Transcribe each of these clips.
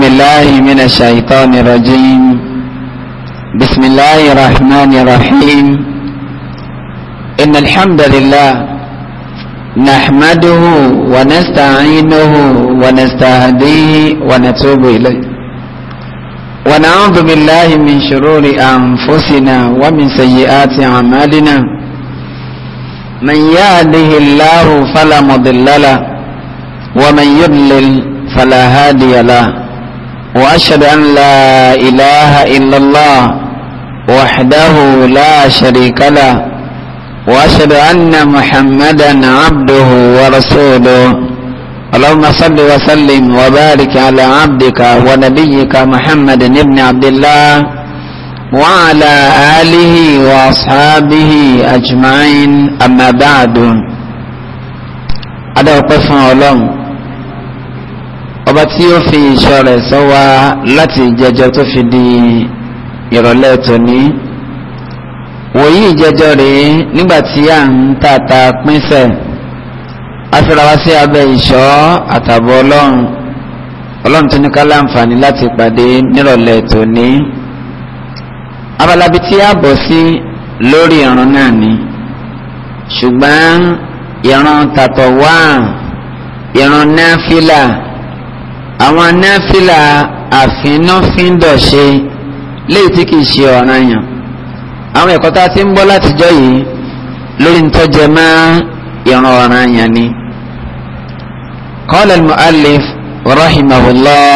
بالله من الشيطان الرجيم بسم الله الرحمن الرحيم إن الحمد لله نحمده ونستعينه ونستهديه ونتوب إليه ونعوذ بالله من شرور أنفسنا ومن سيئات أعمالنا من يهده الله فلا مضل له ومن يضلل فلا هادي له واشهد ان لا اله الا الله وحده لا شريك له واشهد ان محمدا عبده ورسوله اللهم صل وسلم وبارك على عبدك ونبيك محمد بن عبد الله وعلى اله واصحابه اجمعين اما بعد ادعو قسم الله ọba tí ó fi ìṣọ́ rẹ̀ sọ wá láti ìjẹjọ tó fi di ìrọ̀lẹ́ tòní wòyí ìjẹjọ rèé nígbà tí à ń tàta pínṣẹ̀ afirawa sí abẹ́ ìṣọ́ àtàbọ̀ ọlọ́run ọlọ́run tó ní ká láǹfààní láti pàdé nírọ̀lẹ́ tòní abalabi tí a bọ̀ sí lórí ìran náà ni ṣùgbọ́n ìran tàtọ̀ wá ìran náà fílà àwọn anáfílà àfínáfíndọ̀ṣe léyìí tí kìí ṣe ọ̀ranyàn àwọn ẹ̀kọ́ tá a ti ń bọ́ látijọ́ yìí lórí ntọ́jẹ máa ìran ọ̀ranyàn ni. qala al-mu'allif rahimahullah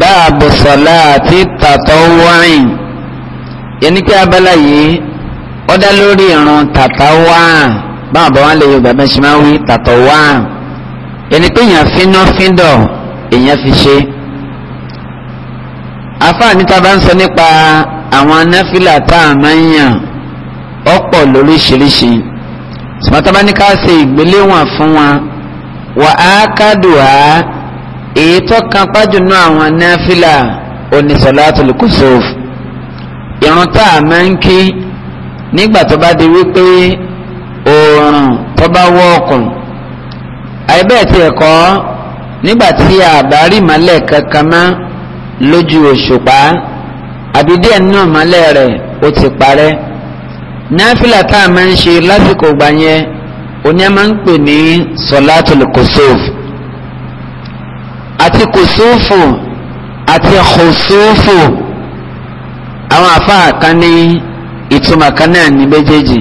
báàbù salati tatawwu'i yẹn pé abala yìí ó dá lórí ìran tàtàwá báwọn bá wọn lè yorùbá bẹ́ẹ̀ ṣe máa wí tàtàwá yẹn pé yàn fínáfíndọ̀ èèyàn fi ṣe àfààní tá a bá ń sọ nípa àwọn anáfìlà tá a máa ń yàn ọ̀pọ̀ lóríṣiríṣi sọmọtàbá ní ká ṣe ìgbéléwọ̀n fún wa wà á kádùá èyí tó kan pájù náà àwọn anáfìlà onísọ̀látul kusuf irun tá a máa ń kí nígbà tó bá di wípé oòrùn tó bá wọ̀ ọkùn àìbẹ́ẹ̀ tiẹ̀ kọ́ nígbàtí àbárí mọ́lẹ̀ kankan mọ́ lójú òṣùpá àbídẹ́ náà mọ́lẹ̀ rẹ̀ ó ti parẹ́ náfìlà tá a máa ń ṣe lásìkò gbà yẹn oní a máa ń pè ní sọlátul kùsùf àti kùsùfù àti kùsùfù àwọn àfáà kan ní ìtumọ̀ kan náà ní méjèèjì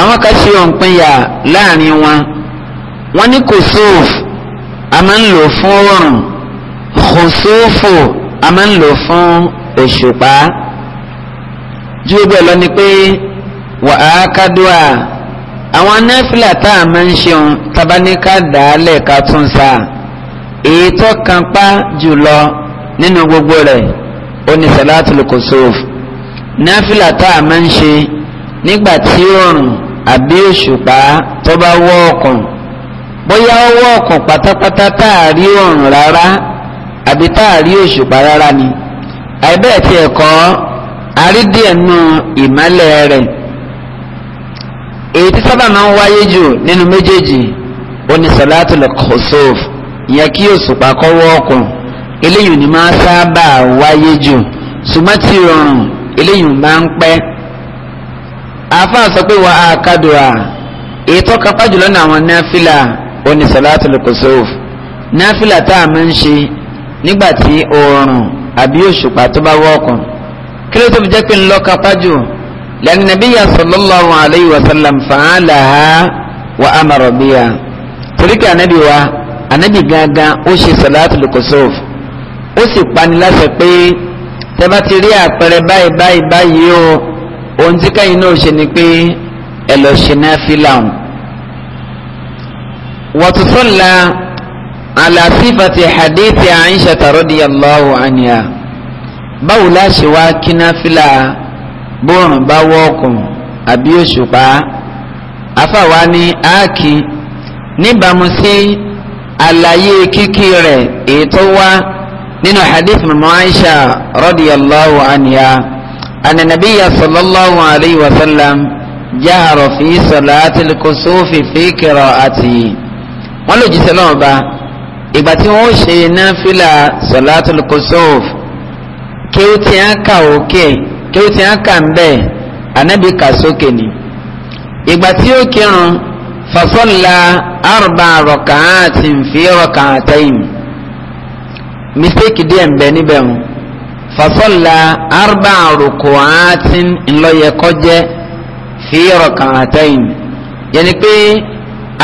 àwọn kan ṣe òǹpinya láàrin wọn wọn ní kùsùfù a máa ń lò fún oòrùn kòsófò a máa ń lò fún òṣùpá ju gbogbo ẹ̀ lọ ni pé wà á kádùá àwọn anáfìlà tá a máa ń ṣeun tabaníkà dàálẹ̀ ká tún sa èyí kan pa jùlọ nínú gbogbo rẹ̀ ó ní salatul tá a máa ń ṣe nígbà tí oòrùn àbí òṣùpá tó bá wọ̀ ọ̀kùn bóyá ọwọ́ ọ̀kan pátápátá táàrí òrùn rárá àbí táàrí òṣùpá rárá ni àìbẹ́ẹ̀ ẹ̀kọ́ àrídìẹ̀ nù rẹ̀ èyí tí sábà máa ń wáyé jù nínú méjèèjì ó ní ìyẹn kí òṣùpá kọ́wọ́ eléyìí ni máa sábà wáyé jù eléyìí máa ń pẹ́ àáfàá sọ pé wà á oni salatu salatul kusuf náfìlà tá a máa ń ṣe nígbà tí oòrùn àbí òṣùpá tó bá wọ́ọ̀kùn kí ló tó fi jẹ́ sallallahu alayhi wa sallam fa'alaha wa amara biya torí kí ànábì wa ànábì gangan ó ṣe salatul kusuf ó sì pani láṣẹ pé tẹ́bá ti rí àpẹẹrẹ báyìí báyìí báyìí o ohun tí káyìn náà ṣe ni pé ẹ lọ ṣe náfìlà ọ̀hún. وتصلى على صفة حديث عائشة رضي الله عنها بولا شواكنا فلا بون باوكم أبيو شقا أفواني آكي níbàámu sí àlàyé kíkí rẹ̀ ètò wá nínú hadith mọ̀mọ́ aisha radiyallahu anha anna nabiyya sallallahu alayhi wa sallam jahara fi salati al-kusufi fi qira'ati wọ́n lò jíṣẹ́ náà bá ìgbà tí wọ́n ṣe náfìlà sọ̀látùl kùsùf kí ó ti ń kà òkè kí ó ti ń kà ń bẹ̀ ànábì kà sókè ni ìgbà tí ó kírun fasọ́lá arba rọ̀kàátì fi rọ̀kàátẹ́yìn mistake díẹ̀ ń bẹ níbẹ̀ wọn fasọ́lá arba rọ̀kàátì ńlọ́yẹkọ́jẹ́ fi rọ̀kàátẹ́yìn yẹni pé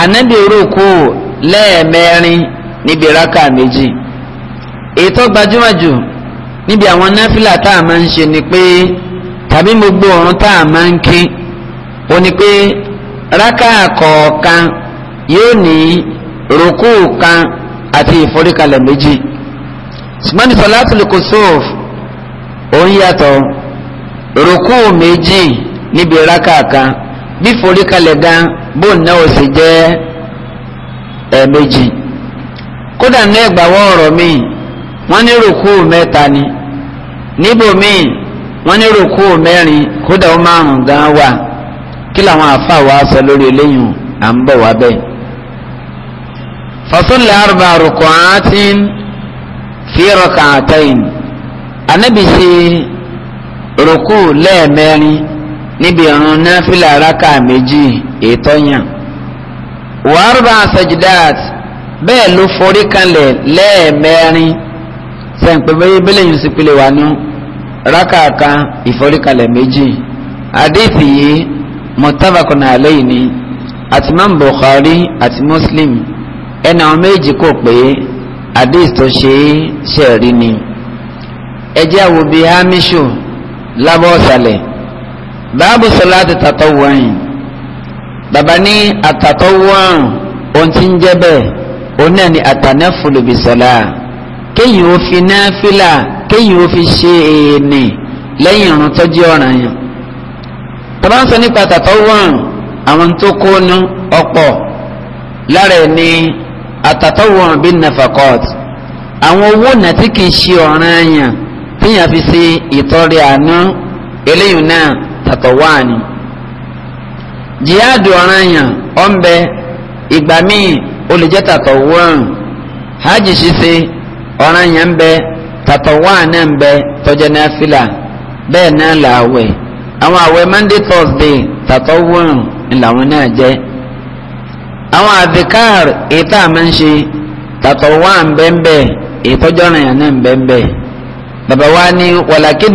ànábì rúkú lẹ́ẹ̀mẹ́rin níbi rákà méjì ètò gbajúmọ̀ jù níbi àwọn náfìlà tá a máa ń ṣe ni pé tàbí gbogbo ọ̀run tá a máa ń kí o ni pé rákà kọ̀ọ̀kan yóò ní rúkú kan àti ìforíkalẹ̀ méjì ṣùgbọ́n ní salatul kusuf òun yàtọ̀ rúkú méjì níbi rákà kan bí ìforíkalẹ̀ gan bóun náà ó sì jẹ́ ẹ̀ẹ̀mejì kódà ní ẹgbàwọ́ ọ̀rọ̀ míì wọ́n ní rùkú mẹ́ta ni níbò míì wọ́n ní mẹ́rin kódà ó márùn gan wà kí làwọn wa sọ lórí eléyìí à ń bọ̀ wá bẹ́ẹ̀. fasulli arba ruku'atin fi rak'atayn anabi ṣe rùkú lẹ́ẹ̀mẹ́rin níbi ìrun náfìlà rákà méjì ètò yàn. wàhálà sajidat bẹ́ẹ̀ ló forí kanlẹ̀ lẹ́ẹ̀mẹ́rin sẹ́ǹpẹ́ bẹ́lẹ̀ yìí sì pilẹ̀ wà ní rákàkà ìforíkalẹ̀ méjì àdéhìí yìí mọ̀tàbàkùn àlẹ́ yìí ni àti Imam Bukhari àti Muslim ẹni àwọn méjì kò pé àdéhìí tó ṣe é ṣẹ̀rí ni ẹjẹ́ àwòbí hamishu lábọ́ ọ̀sàlẹ̀ báàbù sọlá ti tàtọ̀ wọ̀nyí bàbá ní àtàtọ́wọ́n ohun tí ń jẹ́ bẹ́ẹ̀ òun náà ni àtànáfùlù bìsọ̀lá kéyìn ó fi náfìlà kéyìn ó fi ṣe èèní lẹ́yìn ìrun tọ́jú ọ̀ràn yẹn tọ́lá ń sọ nípa àtàtọ́wọ́n àwọn tó kó nu ọ̀pọ̀ lára ẹ̀ ní àtàtọ́wọ́n bí nafakọ́t àwọn owó náà tí kì í ṣe ọ̀ranyàn tíyàn fi ṣe ìtọrẹ àánú eléyìí náà tàtọ̀wọ́ àní. jihad ọ̀ràn ọ̀nbẹ ìgbà míì ó lè hajj ṣíṣe ọ̀ràn bẹ tàtọ̀ wọ́n bẹ tọ́jẹ́ náà fìlà bẹ́ẹ̀ náà là àwẹ̀ àwọn àwẹ̀ monday thursday tàtọ̀ làwọn náà jẹ́ àwọn àdìkáàr ètò àmọ́ ń bẹ́ẹ̀ ètòjọ́ràn yàn mbe bẹ́ẹ̀ bàbá wa wàlàkì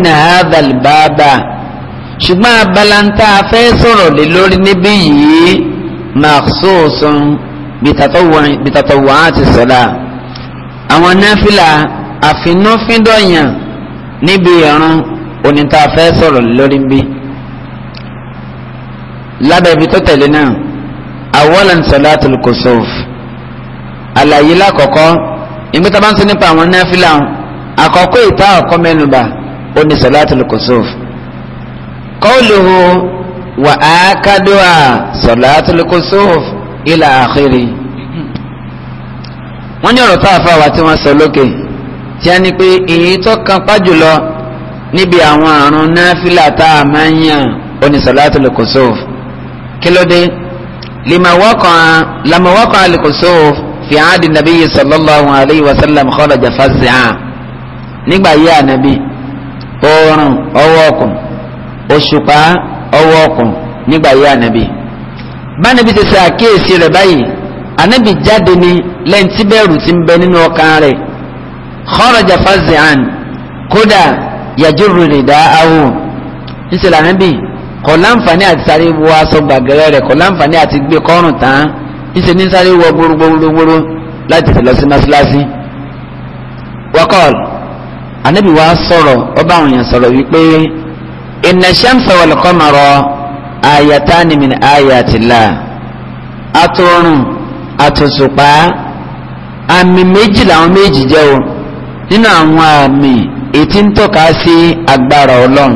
ṣùgbọ́n abalanta afẹ́ sọ̀rọ̀ lé lórí níbí yìí maksusun bitatọ̀wọ̀ àti sọ̀dá àwọn náfìlà àfinúfíndọ̀yàn níbi ìrún oníta afẹ́ sọ̀rọ̀ lé lórí níbí lábẹ́ ibi tó tẹ̀lé náà awalan salatul kusuf àlàyé lákọ̀ọ́kọ́ ìgbé tá a bá ń sọ nípa àwọn náfìlà àkọ́kọ́ ìta ọ̀kọ́ mẹ́nuba oní salatul kusuf kọ́ọ̀lùhù wà á kádùá salatul kusuf ila akhiri. wọ́n ní ọ̀rọ̀ tá a fa wa tí wọ́n sọ lókè tí a ní pé èyí tó kan pa jùlọ níbi àwọn àrùn náfìlà tá a máa ń yàn oní salatul kusuf kí ló dé lima waqa al-kusuf fi ahdi nabiyyi sallallahu alayhi nígbà yí ànábì oorun ọwọ́ ọkùnrin òṣùpá ọwọ́ ọkùn nígbà yìí ànábì bánabi ti ṣe àkíyèsí rẹ̀ báyìí ànábì jáde ní lẹ́yìn tí bẹ́ẹ̀rù ti ń bẹ nínú ọkàn rẹ̀ kharaja fazi'an kódà yajurru rida'ahu níṣẹ́ lànábì kò láǹfààní àti sáré wọ aṣọ gbàgẹ́rẹ́ rẹ̀ kò láǹfààní àti gbé kọ́rùn tán níṣẹ́ ní sáré wọ gbórúgbórúgbóró láti tẹ̀lọ sí mọ́ṣáláṣí. wọ́kọ́l ànábì wa sọ̀rọ̀ ọba àwọn èèyàn sọ̀rọ̀ wípé inna shamsa wal qamara ayatani min ayatillah atọ́run àtòṣùpá àmì méjì làwọn méjì jẹ́ o nínú àwọn àmì ètí ń tọ́ka sí agbára ọlọ́run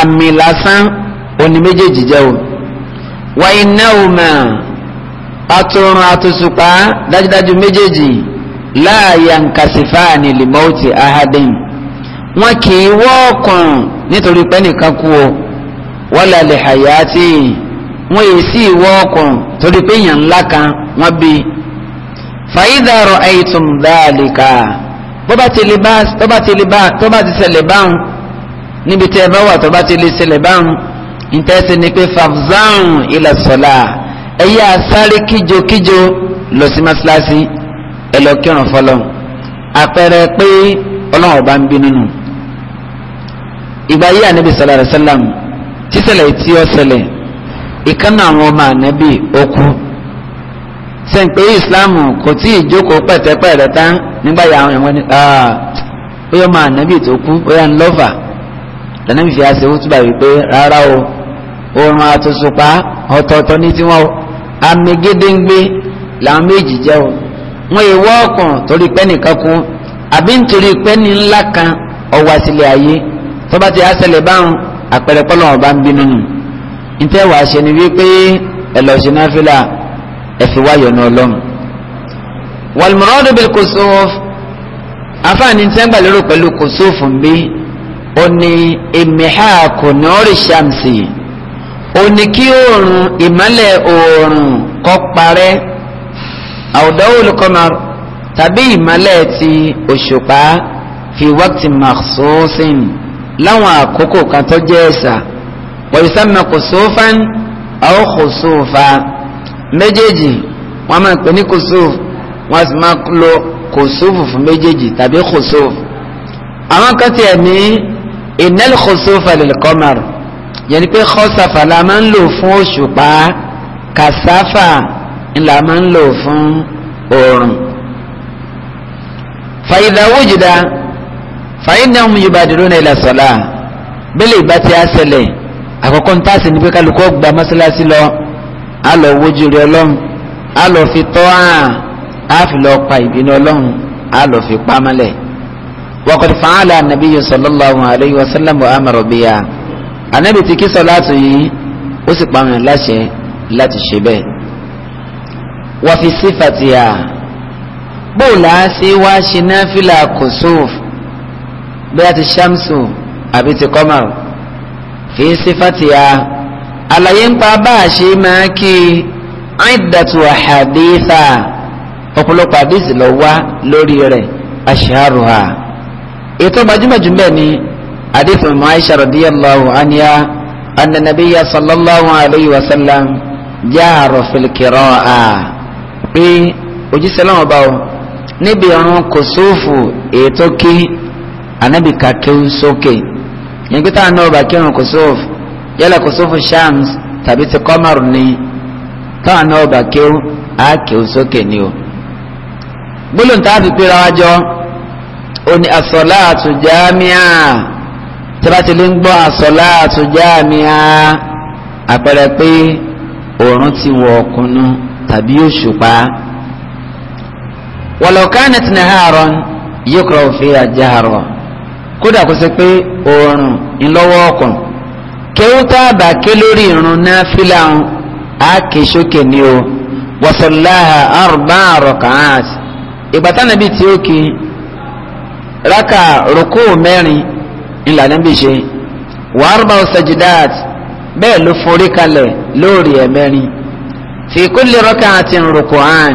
àmì lásán òní méjèèjì jẹ́ o wa innahuma atọ́run àtòṣùpá dájúdájú méjèèjì la yankasifani li mauti ahadin wọn kì í wọ́ọ̀kùn nítorí pé nìkan kú o wala li hayati wọn yìí sí ìwọ́ọ̀kùn torí pé èèyàn ńlá kan wọ́n bí i fàyídà ra'aytum dhalika tó bá ti ṣẹlẹ̀ báwọn níbi tẹ́ ẹ bá wà tó bá ti lè ṣẹlẹ̀ báwọn ìtẹ́sí ni pé fafzan ila sọ́la ẹ̀yẹ́ àsáré kíjokíjo lọ sí mọ́sálásí ẹ̀ lọ kírun fọlọ́ àpẹẹrẹ pé ọlọ́run ọba ń bínú nù ìgbà yí ànábì sallallahu alaihi wasallam tíṣẹ̀lẹ̀ tí ó ṣẹlẹ̀ ìkànnà àwọn ọmọ ànábì okú sẹ́ǹpé ìsìláàmù kò tí ì jókòó pẹ̀tẹ́pẹ̀ rẹ̀ tán nígbà yà àwọn ẹ̀wọ̀n ni ó yọ ọmọ ànábì tó kú ó yà ń lọ́fà lànàbì fi àṣẹ wútúbà wípé rárá o oorun àtúnṣùpá ọ̀tọ̀ọ̀tọ̀ ní tiwọn o àmì gédéǹgbé làwọn méjì jẹ́ o wọ́n ìwọ́ ọkàn torí pẹ́nìkan kú àbí nítorí pẹ́ni ńlá kan ọ̀wá sílẹ̀ ayé tọ́ba ti àṣẹlẹ̀ báwọn àpẹẹrẹ pọ́lọ́ ọba ń bínú nù ntẹ́ wàá ṣe ni wípé ẹlọ́ọ̀ṣẹ́ náfìlà ẹ̀fì wáyọ̀ ní ọlọ́run. wàlmùrọ́dù bil kusuf afáàní tí wọ́n gbà lérò pẹ̀lú kusuf ń bí ó ní imihaaku nọ́ọ̀rì ṣàmsì ó ní kí oòrùn ìmọ́lẹ̀ oòrùn kọ́ parẹ́ àwùdáwòlù qamar tàbí ìmọ́lẹ̀ ti òṣùpá fi wákìtì makhsusin láwọn àkókò kan tó jẹ́ ẹ̀sà wọ̀yísàmì kùsùfàn àwọn kùsùfà méjèèjì wọ́n máa pè ní kùsùf wọ́n sì máa lo kùsùf fún méjèèjì tàbí kùsùf. àwọn kan tiẹ̀ ní innal kùsùfà lil qamar yẹni pé kọ́sàfà la máa ń lò fún òṣùpá kàsáfà la máa ń lò fún oòrùn. fàyídà wùjìdá fàyínà mu yubadiluna ila sọlá bẹ́lẹ̀ ìgbà tí a ṣẹlẹ̀ àkọ́kọ́ ń tàṣe ní pé kálukọ́ gba mọ́ṣáláṣí lọ á lọ wojú rẹ ọlọ́run á lọ fi tọ́ hàn á fi lọ pa ìbínú ọlọ́run á lọ fi pamọ́lẹ̀. waqad fa'ala an-nabiyyu sallallahu alayhi wa sallam wa amara biha anabi ti kí sọláàtù yìí ó sì pa àwọn láṣẹ láti ṣe bẹ́ẹ̀. wa fi sifatiha bóòlù á ṣe wá ṣe náfìlà kusuf bẹ́ẹ̀ ti ṣàmsù àbí ti kọ́mọ̀rù fi sífàtìyà àlàyé ń pa bá a ṣe máa kí àìdàtú àhàdíìsà ọ̀pọ̀lọpọ̀ àdìsí lọ wá lórí rẹ̀ aṣáàrùhà ètò gbajúmọ̀jù bẹ́ẹ̀ ni àdìsí mọ́ Aisha radiyallahu anha anna nabiyya sallallahu alayhi wa sallam jaaro filikirọ́ pé òjíṣẹ́ lọ́wọ́ báwo níbi ọ̀run kòsófù ètò kí anabi ka kéwú sókè yẹn pé táwọn náà bá kírun shams tàbí ti kọ́mọ̀rù ni táwọn náà bá kéwú á kéwú ni o. gbólóhùn tá a fi pera wa jọ oní asọ̀láàtù jámíà tẹ́bátí lè ń gbọ́ asọ̀láàtù jámíà àpẹẹrẹ pé òòrùn ti wọ̀ ọ̀kùnú tàbí òṣùpá wọ̀lọ̀kánẹ̀tì náà àárọ̀ kódà kó ṣe pé oorun ńlọ́wọ́ ọkàn kéwú tá a bá ké lórí irun náà fílà ń àáké sókè ní o wàsàláhà àrùbá àrọ̀kàáàsì ìgbà táwọn ẹbí tí ó kí rákà rúkú mẹ́rin ńlá níbi ṣe wà àrùbá ọ̀sàjìdáàt bẹ́ẹ̀ ló forí kalẹ̀ lórí ẹ̀mẹ́rin fi kulli rákà àti rúkú àn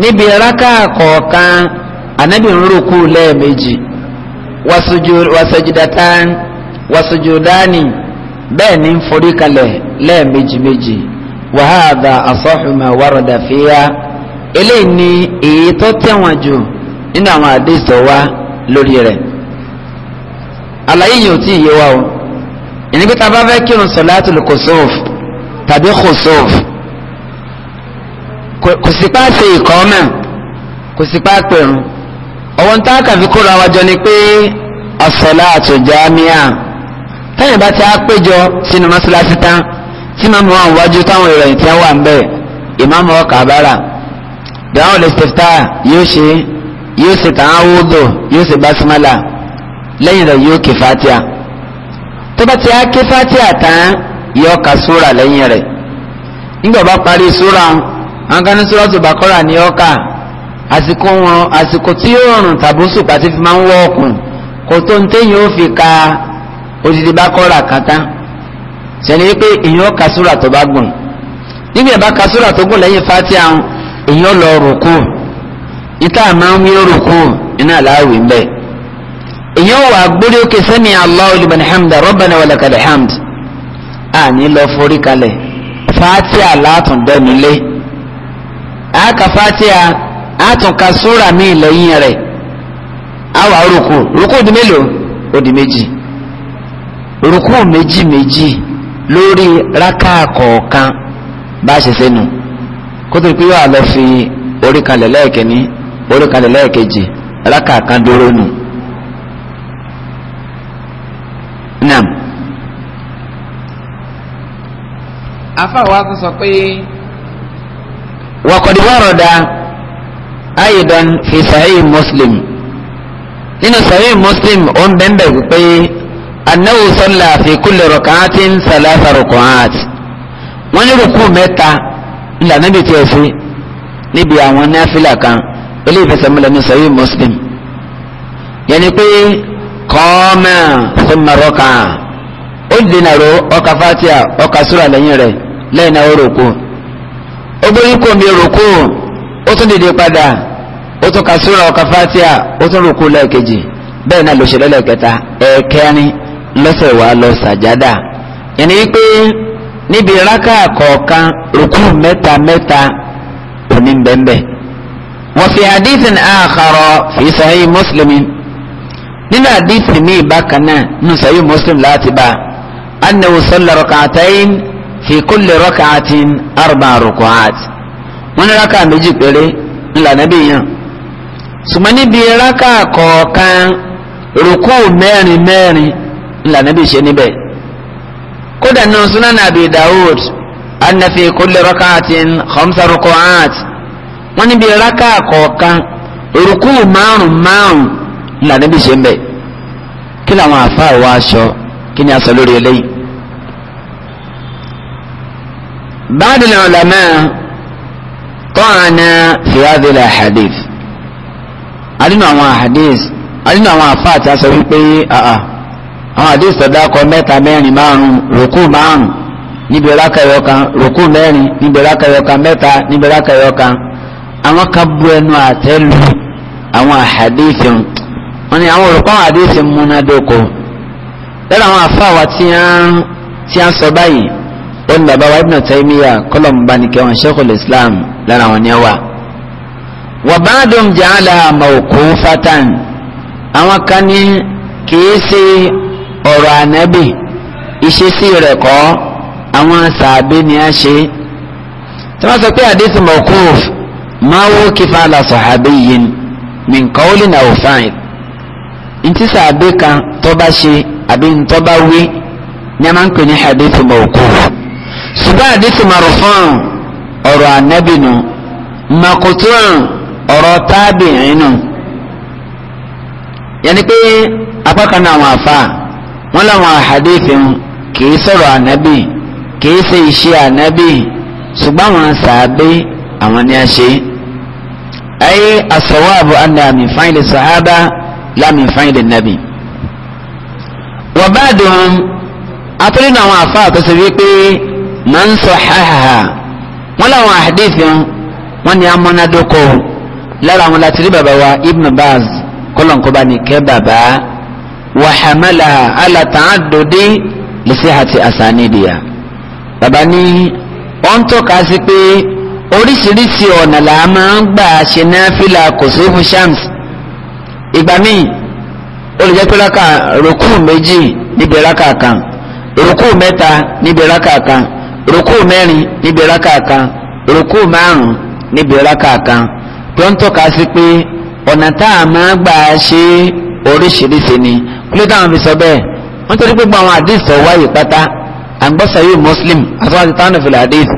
níbi rákà kọ̀ọ̀kan ànábì ń rúkú wasajudatan wasajudani bẹ́ẹ̀ ni ń forí kalẹ̀ lẹ́ẹ̀mejì méjì wàhádà asọ́hùnmá wàrọ̀dà fìyà eléyìí ni èyí tó tẹ̀wọ̀n jù nínú àwọn àdéhùn wa lórí rẹ̀ àlàyé yìí ò tí ì yé wa o ìníbi tá a bá fẹ́ kírun sọ̀láàtì kòsóòf tàbí kòsóòf kò sí pa ṣe ìkọ́mẹ̀ kò sí pa pẹ̀rùn ọ̀wọ́n tá a kà fi kóra wájọ ni pé as-salatu jami'a táyìn bá ti á péjọ sínú mọ́sálásí tán tí màmú wa wájú táwọn ìròyìn tí wà ń bẹ̀ ìmáàmù ọkà bára dáhùn lẹ́sítẹ́fítà yóò ṣe yóò ṣe tàn án wúdò yóò ṣe básímálà lẹ́yìn rẹ̀ yóò ké fatia tó bá ti á ké fatia tán yóò ka súra lẹ́yìn rẹ̀ nígbà bá parí súra àwọn kan ní súra tó bá kọ́ra ní ọkà àsìkò wọn àsìkò tí oòrùn tàbí sùpà ti fi máa ń wọ ọkùn kò tó ń téyìn ó fi ka odidi bá kọ́ra kàtá sẹ́ni wípé èèyàn ka súrà tó bá gùn nígbà bá ka súrà tó gùn lẹ́yìn fatiha èèyàn lọ rùkú máa ń rùkú iná aláwì ń bẹ̀ èèyàn wà gbórí òkè sẹ́mi lọ forí kalẹ̀ àtúnka súrà míì lẹ́yìn rẹ̀ awa oruku oruku di mélòó odi méjì rúkú méjì méjì lórí rákà kọọkan bá ṣe sẹ́nu kótó pé lọ fi orí lẹ́ẹ̀kẹ́ni orí kalẹ̀ lẹ́ẹ̀kejì kan dúró nù. afa wa tún sọ pe. aidan fi sahih muslim nínú sahih muslim ó ń bẹ́ẹ̀ pé anáwó sọ́là fi kulli rọ̀kàátì ń sàlásà rọ̀kàátì wọ́n ní rúkú mẹ́ta ìlànà bíi tiẹ̀ sí níbi àwọn náfìlà kan ilé ìfẹsẹ̀múlẹ̀ ní sahih muslim yẹni pé kọ́ọ́mà thumma rọ́kà ó dènàró ọkà fatia ọkà sùrà lẹ́yìn rẹ̀ lẹ́yìn náà ó rògbò ó gbóyún kò mí rògbò ó tún dìde padà ó tún ka súra ọ̀ka fatia ó tún rúkú lẹ́ẹ̀kejì bẹ́ẹ̀ náà ló ṣe lẹ́lẹ́kẹta ẹ̀ẹ̀kẹrin lọ́sẹ̀ wá lọ sàjádà yẹnni wípé níbi rákà kọ̀ọ̀kan rúkú mẹ́ta mẹ́ta òní bẹ́ẹ̀bẹ́ wọ́n fi hadithin àkàrọ̀ fi sahih muslim nínú hadithi mi bákan náà nínú sahih muslim láti bá annahu salla rak'atayn fi kulli rak'atin arba'a rak'at wọ́n ní rákà méjì péré ńlànà bí yàn ṣùgbọ́n níbi rákà kọ̀ọ̀kan rúkú mẹ́rin mẹ́rin ńlànà bí ṣe níbẹ̀ kódà nínú sunan abi dawud anna fi kulli rak'atin khamsa ruku'at wọ́n níbi rákà kọ̀ọ̀kan rúkú márùn márùn ńlànà bí ṣe níbẹ̀ kí làwọn àfa ìwà aṣọ kí ni a lórí eléyìí. báàdì làwọn làmẹ́ẹ̀. شرعنا في هذه الاحاديث adínú àwọn àhàdís adínú àwọn àfáà tí a sọ wípé àà àwọn àdís tọ́dákọ mẹ́ta mẹ́rin márùn-ún rùkú márùn-ún níbi rákẹyọkan rùkú mẹ́rin níbi rákẹyọkan mẹ́ta níbi rákẹyọkan àwọn kan bu ẹnu àtẹ́ lu àwọn àhàdís wọn ni àwọn òrùkọ́ àwọn àdís múnádóko lẹ́nu wa lára wọn ni ẹ wà. wàbádùn jàǹdà mọ̀ọ́kú fatan àwọn kan ní kìí ṣe ọ̀rọ̀ ànábì ìṣesí rẹ̀ kọ́ àwọn sàbẹ̀ ni a ṣe. tí wọ́n sọ pé àdéhùn mọ̀ọ́kú máa wó kífà làṣọ àbẹ̀yìn mìǹkọ́wọ́lì náà ò fáìn ntí sàbẹ̀ kan tó ṣe àbí ntọ́ wí ní a máa ń pè ní hadith mọ̀ọ́kú. ṣùgbọ́n hadith marufan ọ̀rọ̀ ànábì nù makutuun ọ̀rọ̀ tábìrin nù yẹni pé apákan àwọn afa wọn làwọn àhàdífin kìí sọ̀rọ̀ ànábì kìí ṣe iṣẹ́ ànábì ṣùgbọ́n àwọn sàábé àwọn ni a ṣe ayé asọ̀wáàbù anna min fa'il sàábà la min fa'il nàbì wọ́n bá dùn atúndínláwọn afa àtọ́sọ wípé man sahaha wọ́n láwọn àdéhìí wọn wọ́n ní amọ́nádókò lára àwọn láti rí bàbá wa ibn baz kọ́lọ̀nkọ́ba nìkẹ́ bàbá wàhámẹ́là alátàádòdé lẹ́sẹ̀ àti àsánídìyà bàbá ní wọ́n tọ́ka sí pé oríṣiríṣi ọ̀nà là á máa ń gbà ṣe náfìlà kòsófù shams ìgbà míì ó lè méjì níbi rákà kan rúkú mẹ́ta níbi rákà kan rukú mẹ́rin níbi rákà kan rukú márùn níbi rákà kan tó ń tọ́ka sí pé ọ̀nà tá a máa gbà ṣe oríṣiríṣi ni kúlẹ̀ táwọn fi sọ bẹ́ẹ̀ wọ́n torí gbogbo àwọn àdìs tó wáyé pátá àgbọ̀sà yìí muslim àtúwájú táwọn fi làdìs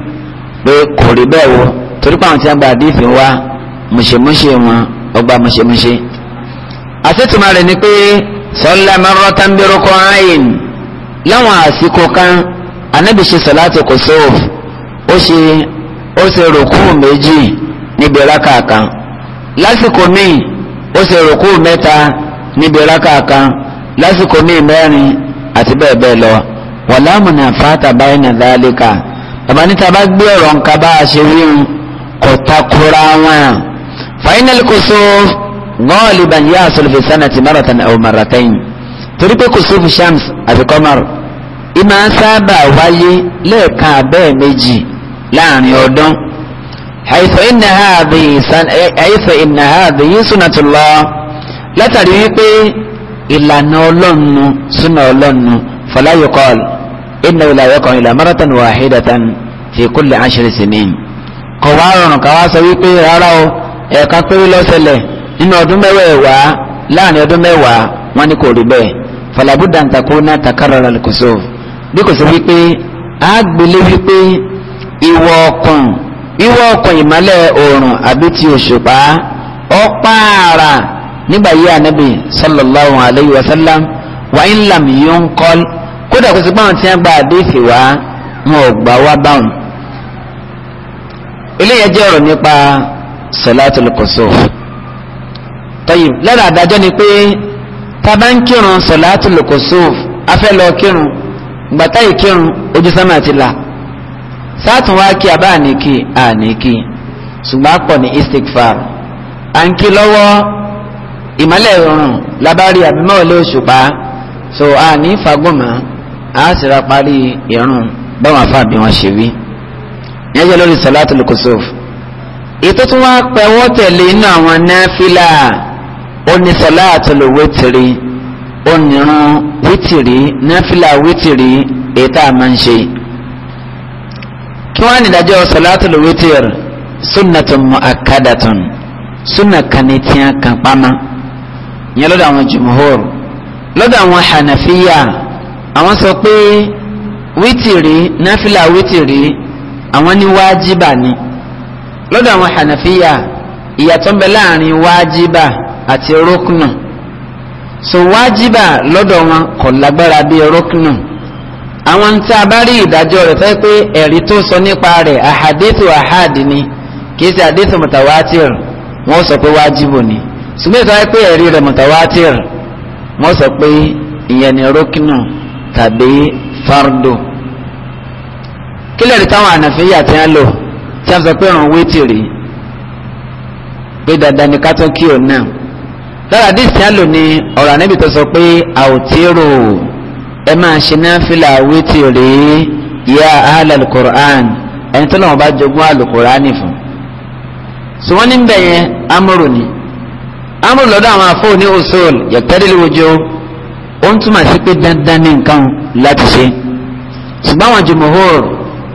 pé kò rí bẹ́ẹ̀ wọ torí pé àwọn tí wọ́n gba àdìs wá mùṣemúṣe wọn ọgbà mùṣemúṣe. àṣetùmọ̀ rẹ̀ ni pé sọ́lá mẹ́rọ́tà ń bẹ̀rù láwọn àsìkò kan anabi ṣe salatu kusuf ó ṣe ó ṣe rukú méjì níbi raka kan lásìkò míì ó ṣe rukú mẹ́ta níbi raka kan lásìkò míì mẹ́rin àti bẹ́ẹ̀ bẹ́ẹ̀ lọ wala munafata bayna dhalika bàbá níta bá gbé ọ̀rọ̀ nǹkan bá a ṣe wíhun kò takora wọn final kusuf ghaliban yahsul fi sanati maratan aw marratayn torí pé kusuf shams àti qamar ìmọ̀ sábà wáyé lẹ́ẹ̀kan abẹ́ẹ̀ méjì láàrin ọdún àìsàn ìnà ààbè yìí súnàtúlọ́ látàrí wípé ìlànà ọlọ́nu súnà ọlọ́nu fọláyọkọ́l ìnà ìlàyọkọ̀ ìlà márátàn wàhídàtàn fi kúlẹ̀ àṣírí sínú kò wá rọrùn ká wá sọ wípé rárá o ẹ̀ka péré lọ́sẹ̀lẹ̀ nínú ọdún mẹ́wàá láàrin ọdún mẹ́wàá wọn ni kò rí bẹ́ẹ̀ fọlábùdàǹtakó náà takarọ̀rọ̀ bí kò sí wípé àgbélé wípé ìwọ ọkàn wíwọ ọkàn ìmọ́lẹ̀ oòrùn àbí ti òṣùpá ọ̀páàrà nígbà ànábì sallallahu alayhi wa sallam wa inlam lam yunqal kódà kò sí báwọn tí wọ́n gba àdéhìí wá wọn ò gbà wá báwọn. eléyà jẹ́ ọ̀rọ̀ nípa salatul kusuf tọ́yì lára àdájọ́ ni pé tá a bá ń kírun salatul kusuf afẹ́ lọ kírun gbàtà ìkírun ojú sánmà ti là sátún wá kí abá àníkì àníkì ṣùgbọ́n pọ̀ ní istikfar à ń kí lọ́wọ́ ìmọ́lẹ̀ ìrùn labari àbímọ́wọlé òṣùpá so àní fagbọ́mọ́ a sì ra parí ìrùn báwọn afáàbí wọn ṣe wí yẹn lórí salatul kusuf ètò tí wọ́n pẹ̀wọ́ tẹ̀lé inú àwọn náfìlà onísọ̀láàtò lòwé tìrì onírun wítìrí náfìlà wítìrí ètò àmàǹṣe kí wọ́n á nídájọ́ sọ̀látùlù wítìr sunnatun mu'akkadatun sunna kàní tí a kàn pamọ́ yẹn lọ́dọ̀ àwọn jùmùhóor lọ́dọ̀ àwọn hànàfíyà àwọn sọ pé wítìrí náfìlà wítìrí àwọn ní wájibà ni lọ́dọ̀ àwọn hànàfíyà ìyàtọ̀ ń láàrin wájibà àti rúkùnà so wájibà lọ́dọ̀ wọn kò lágbára bíi rọ́kìnù àwọn ń tá a bá rí ìdájọ́ rẹ̀ fẹ́ pé ẹ̀rí tó sọ nípa rẹ̀ àhàdétò àhàdì ni kì í ṣe àdétò mọ̀tàwátìr wọ́n sọ pé wájibò ni ṣùgbọ́n ìtọ́ wáyé pé ẹ̀rí rẹ̀ mọ̀tàwátìr wọ́n sọ pé ìyẹn ni rọ́kìnù tàbí fardo kílẹ̀ rí táwọn ànàfíyà ti ń lò tí a sọ pé òun wétìrì pé dandan ni ká tó kí òun náà lára àdìsí àlò ni ọ̀rọ̀ ànábì tó sọ pé àwòtírò ẹ máa ṣe náfìlà wítìrì yá àhàlà alukur'an ẹni tó lọ́wọ́ bá jogún alukur'an fún. sọ wọ́n ní bẹ́ẹ̀ yẹn amúrò ni amúrò lọ́dọ̀ àwọn afọ́ ní usul yẹ̀kẹ́rì lójó ó ń túmọ̀ sí pé dandan ní nǹkan láti ṣe. ṣùgbọ́n àwọn jùmọ̀hóòr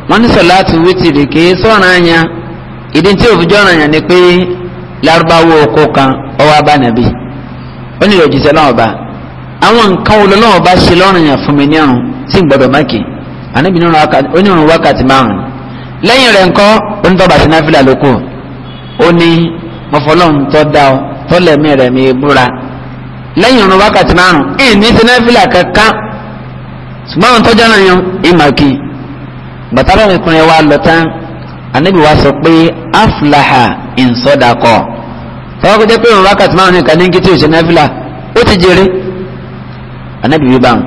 wọ́n ní sọ láti wítìrì kì í sọ̀rọ̀ lárúbáwá oko kan ọwọ́ abánabi ó ní ìròjìṣẹ́ náà ọba àwọn nǹkan wo ọba ṣe lọ́rùn yàn fún mi ní ọ̀run tí n gbọ́dọ̀ má kì onírun wákàtí márùn lẹ́yìn rẹ̀ ńkọ́ onítọ́ba sí náfìlà lóko ó ní mọ̀fọ́lọ́hún ọ rẹ̀ mi búra lẹ́yìn wákàtí anabi wa sọ pé aflaha ìnsọdakọ tọ́wọ́ kó jẹ́ pé òun wákàtí márùn nìkan ní kí tí ò ṣe náfìlà ó ti jèrè anabi wí báwọn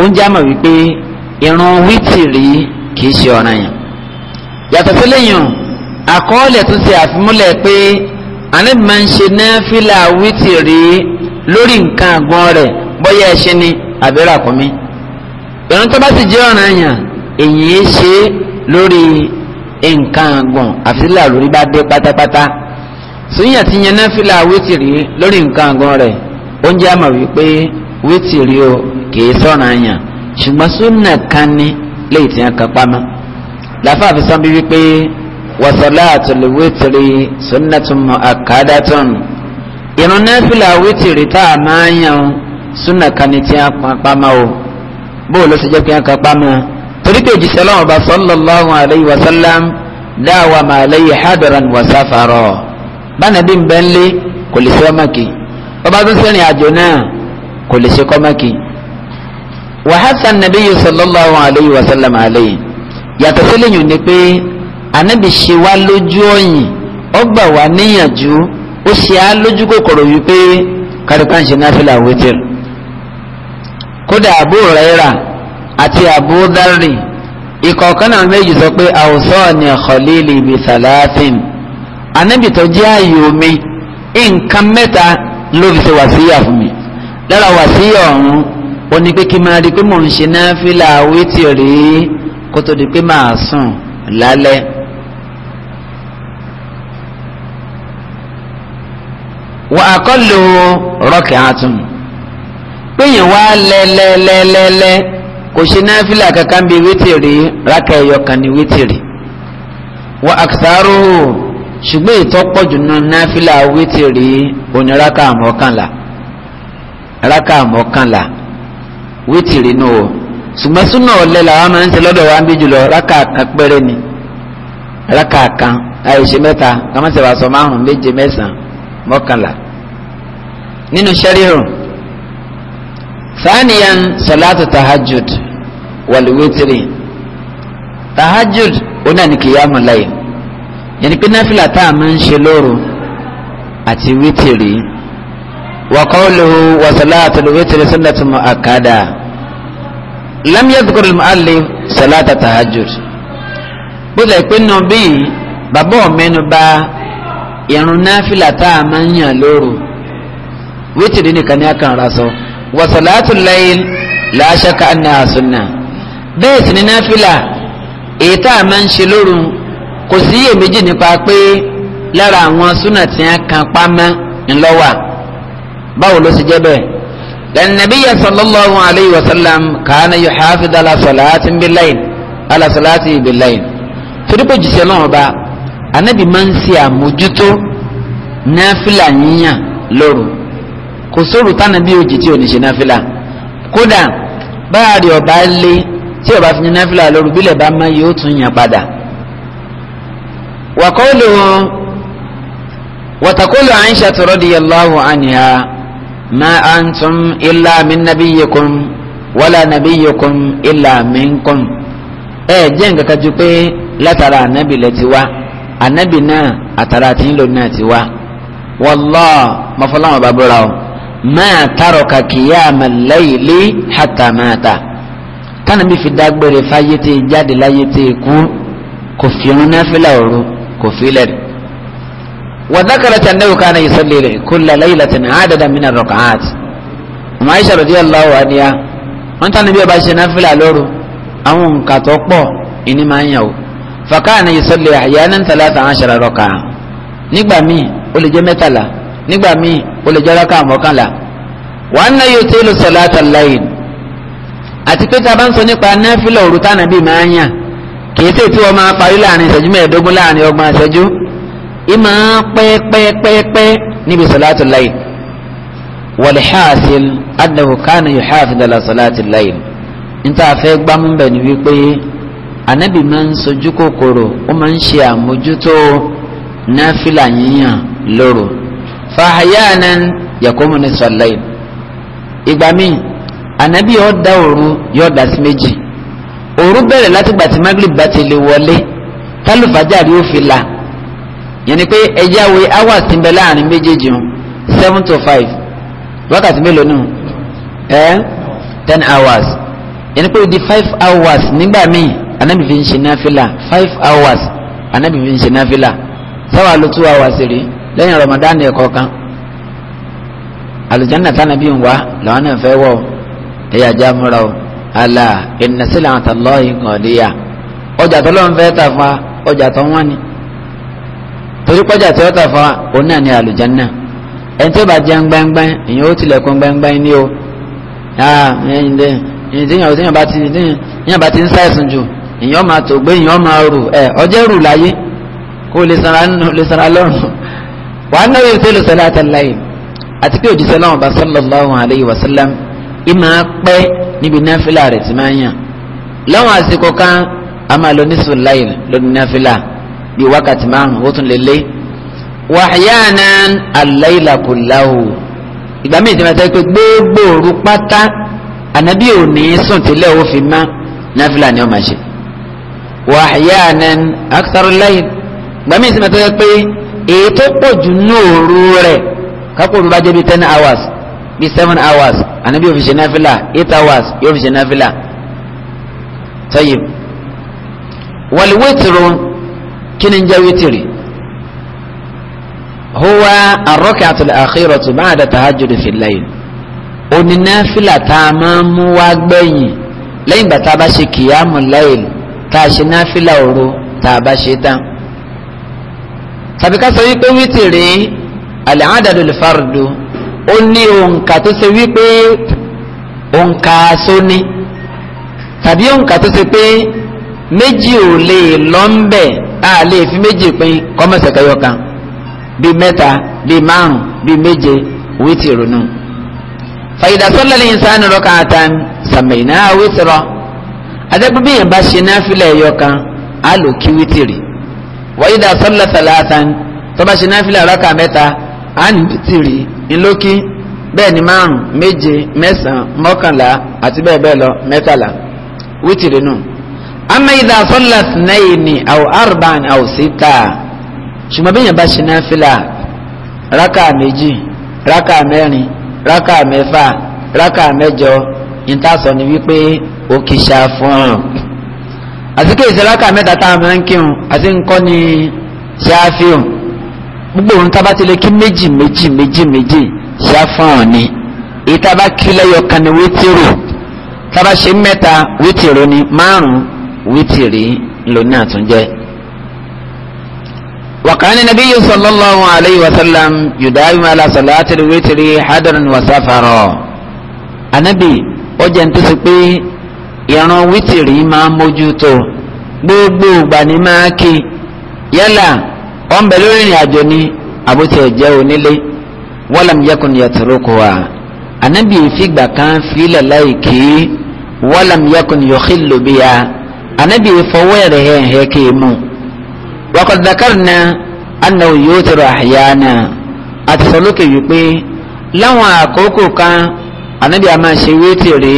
oúnjẹ àmọ̀ wípé irun wítìrì kìí ṣe ọ̀ràn yẹn yàtọ̀ sí lẹ́yìn àkọọ́lẹ̀ tó ṣe àfimúlẹ̀ pé anabi máa ń ṣe náfìlà wítìrì lórí nǹkan àgbọ̀n rẹ̀ bóyá ẹṣin ni àbí ràkúnmí irun tó bá sì jẹ́ ọ̀ràn yẹn èyí ṣe lórí nǹkan àgùn àfisílà lórí bá dé pátápátá sùnyà ti yan náfìlà wítìrì lórí nǹkan àgùn rẹ̀ oúnjẹ àmọ̀ wípé wítìrì o kìí sọ̀rọ̀ àyàn ṣùgbọ́n súnà kan ní léyìí tí wọ́n kan pamọ́ láfààfin sọ́n bí wípé wàsálà àtòlẹ̀ wítìrì súnà tún mọ àkàdá tún ìrun náfìlà wítìrì tá a máa yan súnà kan ní tí kan pamọ́ o bóòlù sì jẹ́ pé wọ́n kan pamọ́ o torí pé òjíṣẹ́ lọ́wọ́ bá sallallahu alayhi wa sallam dáwà máa lẹ́yìn hadaran wa sáfàrọ̀ bánàbí ń bẹ́ńlé kò lè ṣe ọmọkì bàbá tó sẹ́rìn àjò náà kò lè ṣe kọ́mọkì. wa hasan nabiyyu sallallahu alayhi wa sallam alayhi yàtọ̀ sí lẹ́yìn ni pé ànábì ṣe wá lójú ọ̀yìn ó gbà níyànjú ó ṣe á lójú kòkòrò wípé kárí kan ṣe náfìlà wítìrì kódà Abu Hurairah àti Abu Dharri ìkọ̀ọ̀kan náà méjì sọ pé awsani khalili bi thalathin anábì tó jẹ́ ààyò mi nǹkan mẹ́ta ló fi ṣe wàsíyà fún mi lára wàsíyà ọ̀run ó ní pé kí n máa rí pé mò ń ṣe náfìlà wítìrì kó tó di pé màá sùn lálẹ́. wà á kọ́ lo rọ́kì àtún péyìn wá lẹ́lẹ́lẹ́lẹ́lẹ́ kò ṣe náfìlà kankan bíi wítìrì rákà ẹyọ kan wa aktharuhu ṣùgbọ́n ìtọ́pọ̀jù náfìlà wítìrì òní rákà mọ́kànlá rákà mọ́kànlá wítìrì nù o ṣùgbọ́n súnà ọ̀lẹ́ làwọn máa ń ṣe lọ́dọ̀ wa ń bí jùlọ rákà kan péré ni rákà kan àìṣe mẹ́ta kàmáṣe wàásù márùn-ún méje mẹ́sàn-án mọ́kànlá nínú ṣẹ́ríhùn. thaniyan salatu tahajjud waliwitiri tahajjud ona ni kiyamu layi yẹni pé náfìlà tá a máa ń ṣe lóru àti wítìrì wa qawluhu wa salatu wítìrì sunnatu mu'akkada lam yadhkur al-mu'allif salata tahajjud bó tilẹ̀ pé nù bíi bàbá ọ̀mẹ́nu bá irun náfìlà tá a máa ń yàn lóru wítìrì nìkan ní akànra sọ. So wa salatu layl la shakka annaha sunnah bẹ́ẹ̀ sì ni náfìlà èyí tá a máa ń ṣe lóru kò sí iyèméjì nípa pé lára àwọn súnà tí a kan pamọ́ ńlọ́wà báwo ló ṣe jẹ́ bẹ́ẹ̀ lẹ́nu nàbíyà sallallahu alayhi wa sallam kàánà yóò hafidh ala salatin bil-layl ala salati bil jìṣẹ́ náà ọba anábì máa ń ṣe àmójútó náfìlà yíyàn lóru kò sóòrù tánàbí òjì tí ò ní ṣe náfìlà kódà báàrí ọba lé tí ọba fi ní náfìlà lóru bílẹ̀ bá má yóò tún yàn padà. wàkọ́lù wàtàkọ́lù Aisha radiyallahu anha ma antum illa min nabiyyikum wala nabiyyikum illa minkum. ẹ jẹ́ nǹkan kan ju pé látara ànábì lẹ ti wá ànábì náà àtàrà àti ńlò náà ti wá wàllá mọ̀fọ́láwọn bá búra o máa tàrọ̀kà kìyàmà láìlé hàtàmáta tánàbí fi dágbére fáyé tí jáde láyé tí kú kò fi irun náfìlà òru kò fi ilẹ̀ rẹ̀ wàdákàrà tí anáwó kan náà yìí lè kulla laylatin àádọ́dà mí náà rọ̀kà áàt ọmọ Aisha radiyallahu anha wọn tánàbí ọba ṣe náfìlà lóru àwọn nǹkan tó pọ̀ ìní máa ń yàn o fàkàrà náà yìí sọ́lẹ̀ àyà nígbà míì ó lè jẹ́rọ́ ká mọ́kànlá wà á ná yóò tẹ́ lọ sọ̀láàtà láyìn àti pé tá a bá ń sọ nípa náfìlà òru tánà máa ń yàn kìí sì tí wọ́n máa parí láàrin ìṣẹ́jú mẹ́ẹ̀ẹ́dógún láàrin ọgbọ̀n ìṣẹ́jú ìmọ̀ pẹ́ẹ́pẹ́ẹ́pẹ́ níbi sọ̀láàtà láyìn wàlíhàásìl adàwò kánà yóò hàfidà lọ sọ̀láàtà láyìn níta fẹ́ gbámú bẹ̀ ni wípé ànábì máa ń sojú kòkòrò ó máa ń ṣe àmójútó náfìlà yíyàn lóru fàáyánan yakumu ní sọlẹ́yìn. ìgbà míì ànábì yóò da òru yóò da sí méjì òru bẹ̀rẹ̀ látìgbà tí magrib bá ti lè wọlé kálùfájàrí ó fi la yẹn pé ẹja wo hours ti bẹ láàrin méjèèjì o seven to five wákàtí mélòó nù ẹ ten hours yẹn pé o di five hours nígbà míì ànábì fi ń ṣe náfìlà five hours ànábì fi ń ṣe náfìlà sáwà ló two hours rí lẹ́yìn Ramadan ẹ̀kọ̀ọ̀kan alùjánà tánàbí ń wá làwọn náà fẹ́ wọ̀ ẹ̀yà já múra o àlà ìnàsílẹ̀ àtàlọ́ ìkànnìyà ọjà tó lọ́n fẹ́ tà fún wa ọjà tó wọ́n ni torí pọ́jà tó tà fún wa òun náà ni alùjánà ẹni tó bá jẹun gbẹ́ngbẹ́n ìyẹn ó tilẹ̀kùn gbẹ́ngbẹ́n ní o ìyẹn bá ti ń ṣàìsàn jù ìyẹn ó máa tó gbé ìyẹn ó máa rù ẹ rù láyé kó lè sara lọ́rùn wàá náwó ìṣèlú sọláàtà láyìn àti pé òjíṣẹ́ náà bá sallallahu alayhi wa sallam ìmọ̀ apẹ́ níbi náfìlà rẹ̀ ti máa ń yàn láwọn àsìkò kan a máa lọ nísù láyìn lónìí náfìlà bíi wákàtí márùn-ún ó tún lè lé wàhíyàna aláìlà ìgbà míì tí wọ́n ti pé gbogbo òru pátá ànábì ò ní sùn tílẹ̀ ó fi má náfìlà ni ó máa ṣe wàhíyàna akitaro ìgbà míì tí wọ́n ti pé èyí tó pọ̀ jù ní òru rẹ̀ kápòrò bá jẹ́ bí ten hours bí seven hours ànábì yóò fi ṣe náfìlà eight hours yóò fi ṣe náfìlà tọ́yì wal witru kí ni ń jẹ́ wítìrì huwa ar-rak'atu al-akhiratu ba'da tahajjud fil layl òní náfìlà tá a máa ń mú wá gbẹ̀yìn lẹ́yìn ìgbà bá ṣe kìyàmù láìl tá a ṣe náfìlà òru tá a bá ṣe tán tàbí ká sọ wípé wítìrì àlàádàdù lùfàrùdù ó ní òǹkà tó ṣe wípé òǹkà sóní tàbí òǹkà tó ṣe pé méjì ò lè lọ ń bẹ̀ á lè fi méjì pín kọ́mọ̀sẹ̀ kẹyọkan bíi mẹ́ta bíi márùn bíi méje wítìrì nù. fàyídà lè sáánù rọ́kà àtàn sàmìnà wítìrọ̀ adẹ́gbẹ́bí yẹn bá ṣe náà fílẹ̀ ẹ̀yọkan á lò kí wítìrì wáyé dà sọ́lá tàlàtàn tọ́ba ṣe náfìlà rákà mẹ́ta á ní bìtìrì ńlókì bẹ́ẹ̀ ni márùn méje mẹ́sàn-án mọ́kànlá àti bẹ́ẹ̀ bẹ́ẹ̀ lọ mẹ́tàlá wítìrì nù. ama ìdá sọ́lá tìǹẹ́yìnì àwọ̀ arban àwọ̀ síta ṣùgbọ́n bí yẹn bá ṣe náfìlà rákà méjì rákà mẹ́rin rákà mẹ́fà rákà mẹ́jọ ìtàsọ̀ ni wípé ó kì í ṣàfihàn àti kí ìsìláka mẹ́ta tá a máa ń kírun àti nǹkan ni ṣáfíùn gbogbo òun tá a bá ti lè kí méjì méjì méjì méjì ṣáfíùn ni èyí tá a bá kí lẹ́yọ kan ni wítìrù tá a bá ṣe mẹ́ta wítìrù ni márùn-ún wítìrì lónìí àtúnjẹ. وكان النبي صلى الله عليه وسلم يداوم على صلاة الوتر حدرا وسفرا النبي ó jẹ́ ń tó sọ pé ìran wítìrì máa ń mójútó gbogbo ìgbà ní máa kí yálà wọn bẹ lórí ìrìn àjò ní àbótí ẹ̀jẹ̀ onílé walam yakun yatrukuha ànábì ìfìgbà kan filẹ̀ láìkí walam yakun yukhillu biha ànábì ìfọwọ́ ẹ̀rẹ̀ hẹ́hẹ́ kì í mú. wa qad dhakarna annahu yutiru ahyana àti sọlókè wípé láwọn àkókò kan ànábì àmà ṣe wítìrì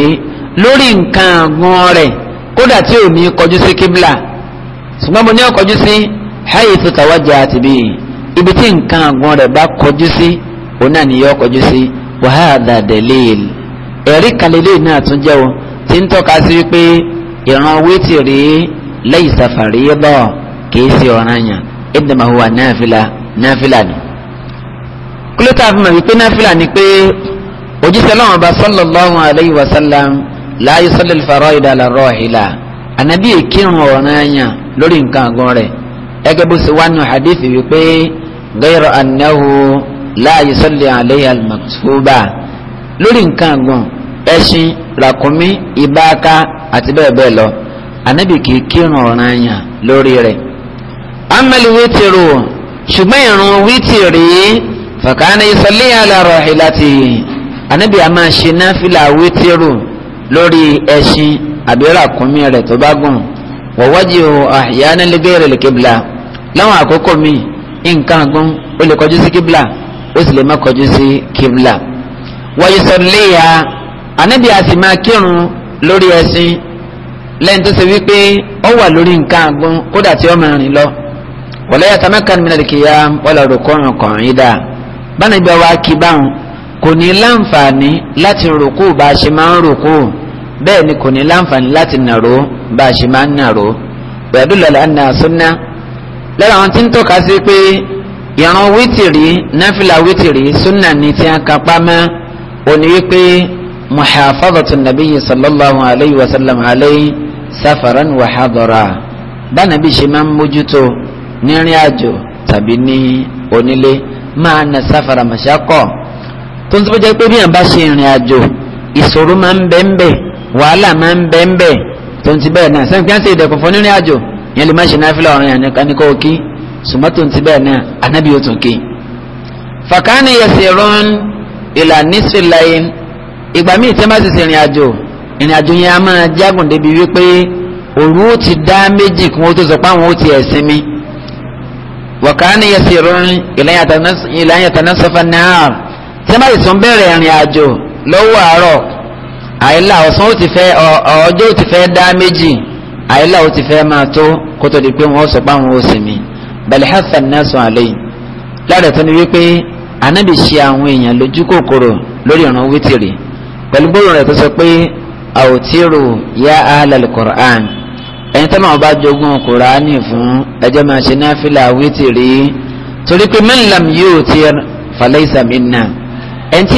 lórí nǹkan àgbọn rẹ̀ kódà tí ò ní kọjú sí kíbla ṣùgbọ́n mo ní ọkọjú sí haythu tawajjahat bihi ibi tí nǹkan àgbọn rẹ̀ bá kọjú sí òun náà nìyọ́ kọjú sí wa hadha dalil ẹ̀rí kàlélẹ́ náà tún jẹ́ o tí ń tọ́ka sí wípé ìran wítìrí laysa farida kìí sí ọ̀ranyàn innama huwa náfìlà náfìlà ni. kúlẹ́tà fi mọ̀ wípé náfìlà ni pé òjíṣẹ́ lọ́wọ́n bá sallallahu alayhi wa láàyè sọ́lẹ̀ fàrọ̀ ìdàlà rọ̀ ìlà ànábì ìkírun ọ̀ràn ẹ̀yàn lórí nǹkan àgọ́ rẹ̀ ẹgẹ́ bó ṣe wá nù hadith wípé gẹ́rọ anáhu láàyè sọ́lẹ̀ àlẹ́yà al-maktuba lórí nǹkan àgọ́ ẹṣin ràkúnmí ìbáka àti bẹ́ẹ̀ bẹ́ẹ̀ lọ ànábì kì í kírun ọ̀ràn ẹ̀yàn lórí rẹ̀ amẹ́lì wítìrù ṣùgbọ́n ìrun wítìrì fàkànnì sọ́lẹ̀ àlẹ́ rọ̀ ànábì àmà ṣe náfìlà wítìrù lórí ẹṣin àbí ràkúnmí rẹ̀ tó bá gùn wọ̀wọ́dì o àyànà lẹ́gẹ̀rẹ̀ lè kébìlà láwọn àkókò míì nǹkan àgbọn ó lè kọjú sí kébìlà ó sì lè má kọjú sí kébìlà. wọ́n sọ léyà ànábì àti máa kírun lórí ẹṣin lẹ́yìn tó ṣe wípé ó wà lórí nǹkan àgbọn kódà tí ó máa rìn lọ wala yatamakkan min al-qiyam wala ruku'un qa'ida bánabi wa kí báwọn kò ní láǹfààní láti rùkú bá a ṣe máa ń rùkú bẹ́ẹ̀ ni kò ní láǹfààní láti nàró bá a ṣe máa ń nàró pẹ̀lú lọ́la ẹ̀nà súnná lára àwọn tí ń tọ́ka sí pé ìran wítìrì náfìlà wítìrì súnná ni tí a kà pamọ́ òní wípé muhafadatu nabiyyi sallallahu alayhi wa sallam alayhi safaran wa hadara bá nàbí ṣe máa ń mójútó nírìn àjò tàbí ní onílé máa na sáfara màṣákọ̀ tó ń sọ pé jẹ́ pé bí àbá ṣe ìrìn àjò ìṣòro máa ń bẹ́ẹ̀ bẹ́ẹ̀ wàhálà máa ń bẹ́ẹ̀ bẹ́ẹ̀ tó ń ti bẹ́ẹ̀ náà sẹ́ńkì á sì dẹ̀kùn fún nínú àjò yẹn lè má ṣe náà fílà ọ̀run yẹn ní kò kí ṣùgbọ́n tó ń ti bẹ́ẹ̀ náà anábì ó tún kí. fàkànnì yẹsẹ̀ rún ìlà nísìláyé ìgbà míì tẹ́ má sì ṣe ìrìn àjò ìrìn àjò yẹn á máa jágùn débi wípé òru ó ti dá méjì kún ó tó sọ pé àwọn ó ti ẹ̀sìn mi. wàkànnì yẹsẹ̀ rún ìlànà náà sọ bẹ̀rẹ̀ àìlà ọ̀sán ó ti fẹ́ ọjọ́ ó ti fẹ́ dá méjì àìlà ó ti fẹ́ máa tó kó tó di pé wọ́n sọ pé àwọn oṣù mi bẹ̀lẹ̀ hasan náà sọ àlẹ́ yìí lára tó ni wípé anábì ṣe àwọn èèyàn lójú kòkòrò lórí ìran wítìrì pẹ̀lú gbóòrò rẹ̀ tó sọ pé àwòtírù yá àhàlàlì kọ̀ọ̀án ẹni tó máa bá jogún kùránì fún ẹjọ́ máa ṣe náfìlà wítìrì torí pé man lam yutir falaysa minna ẹni tí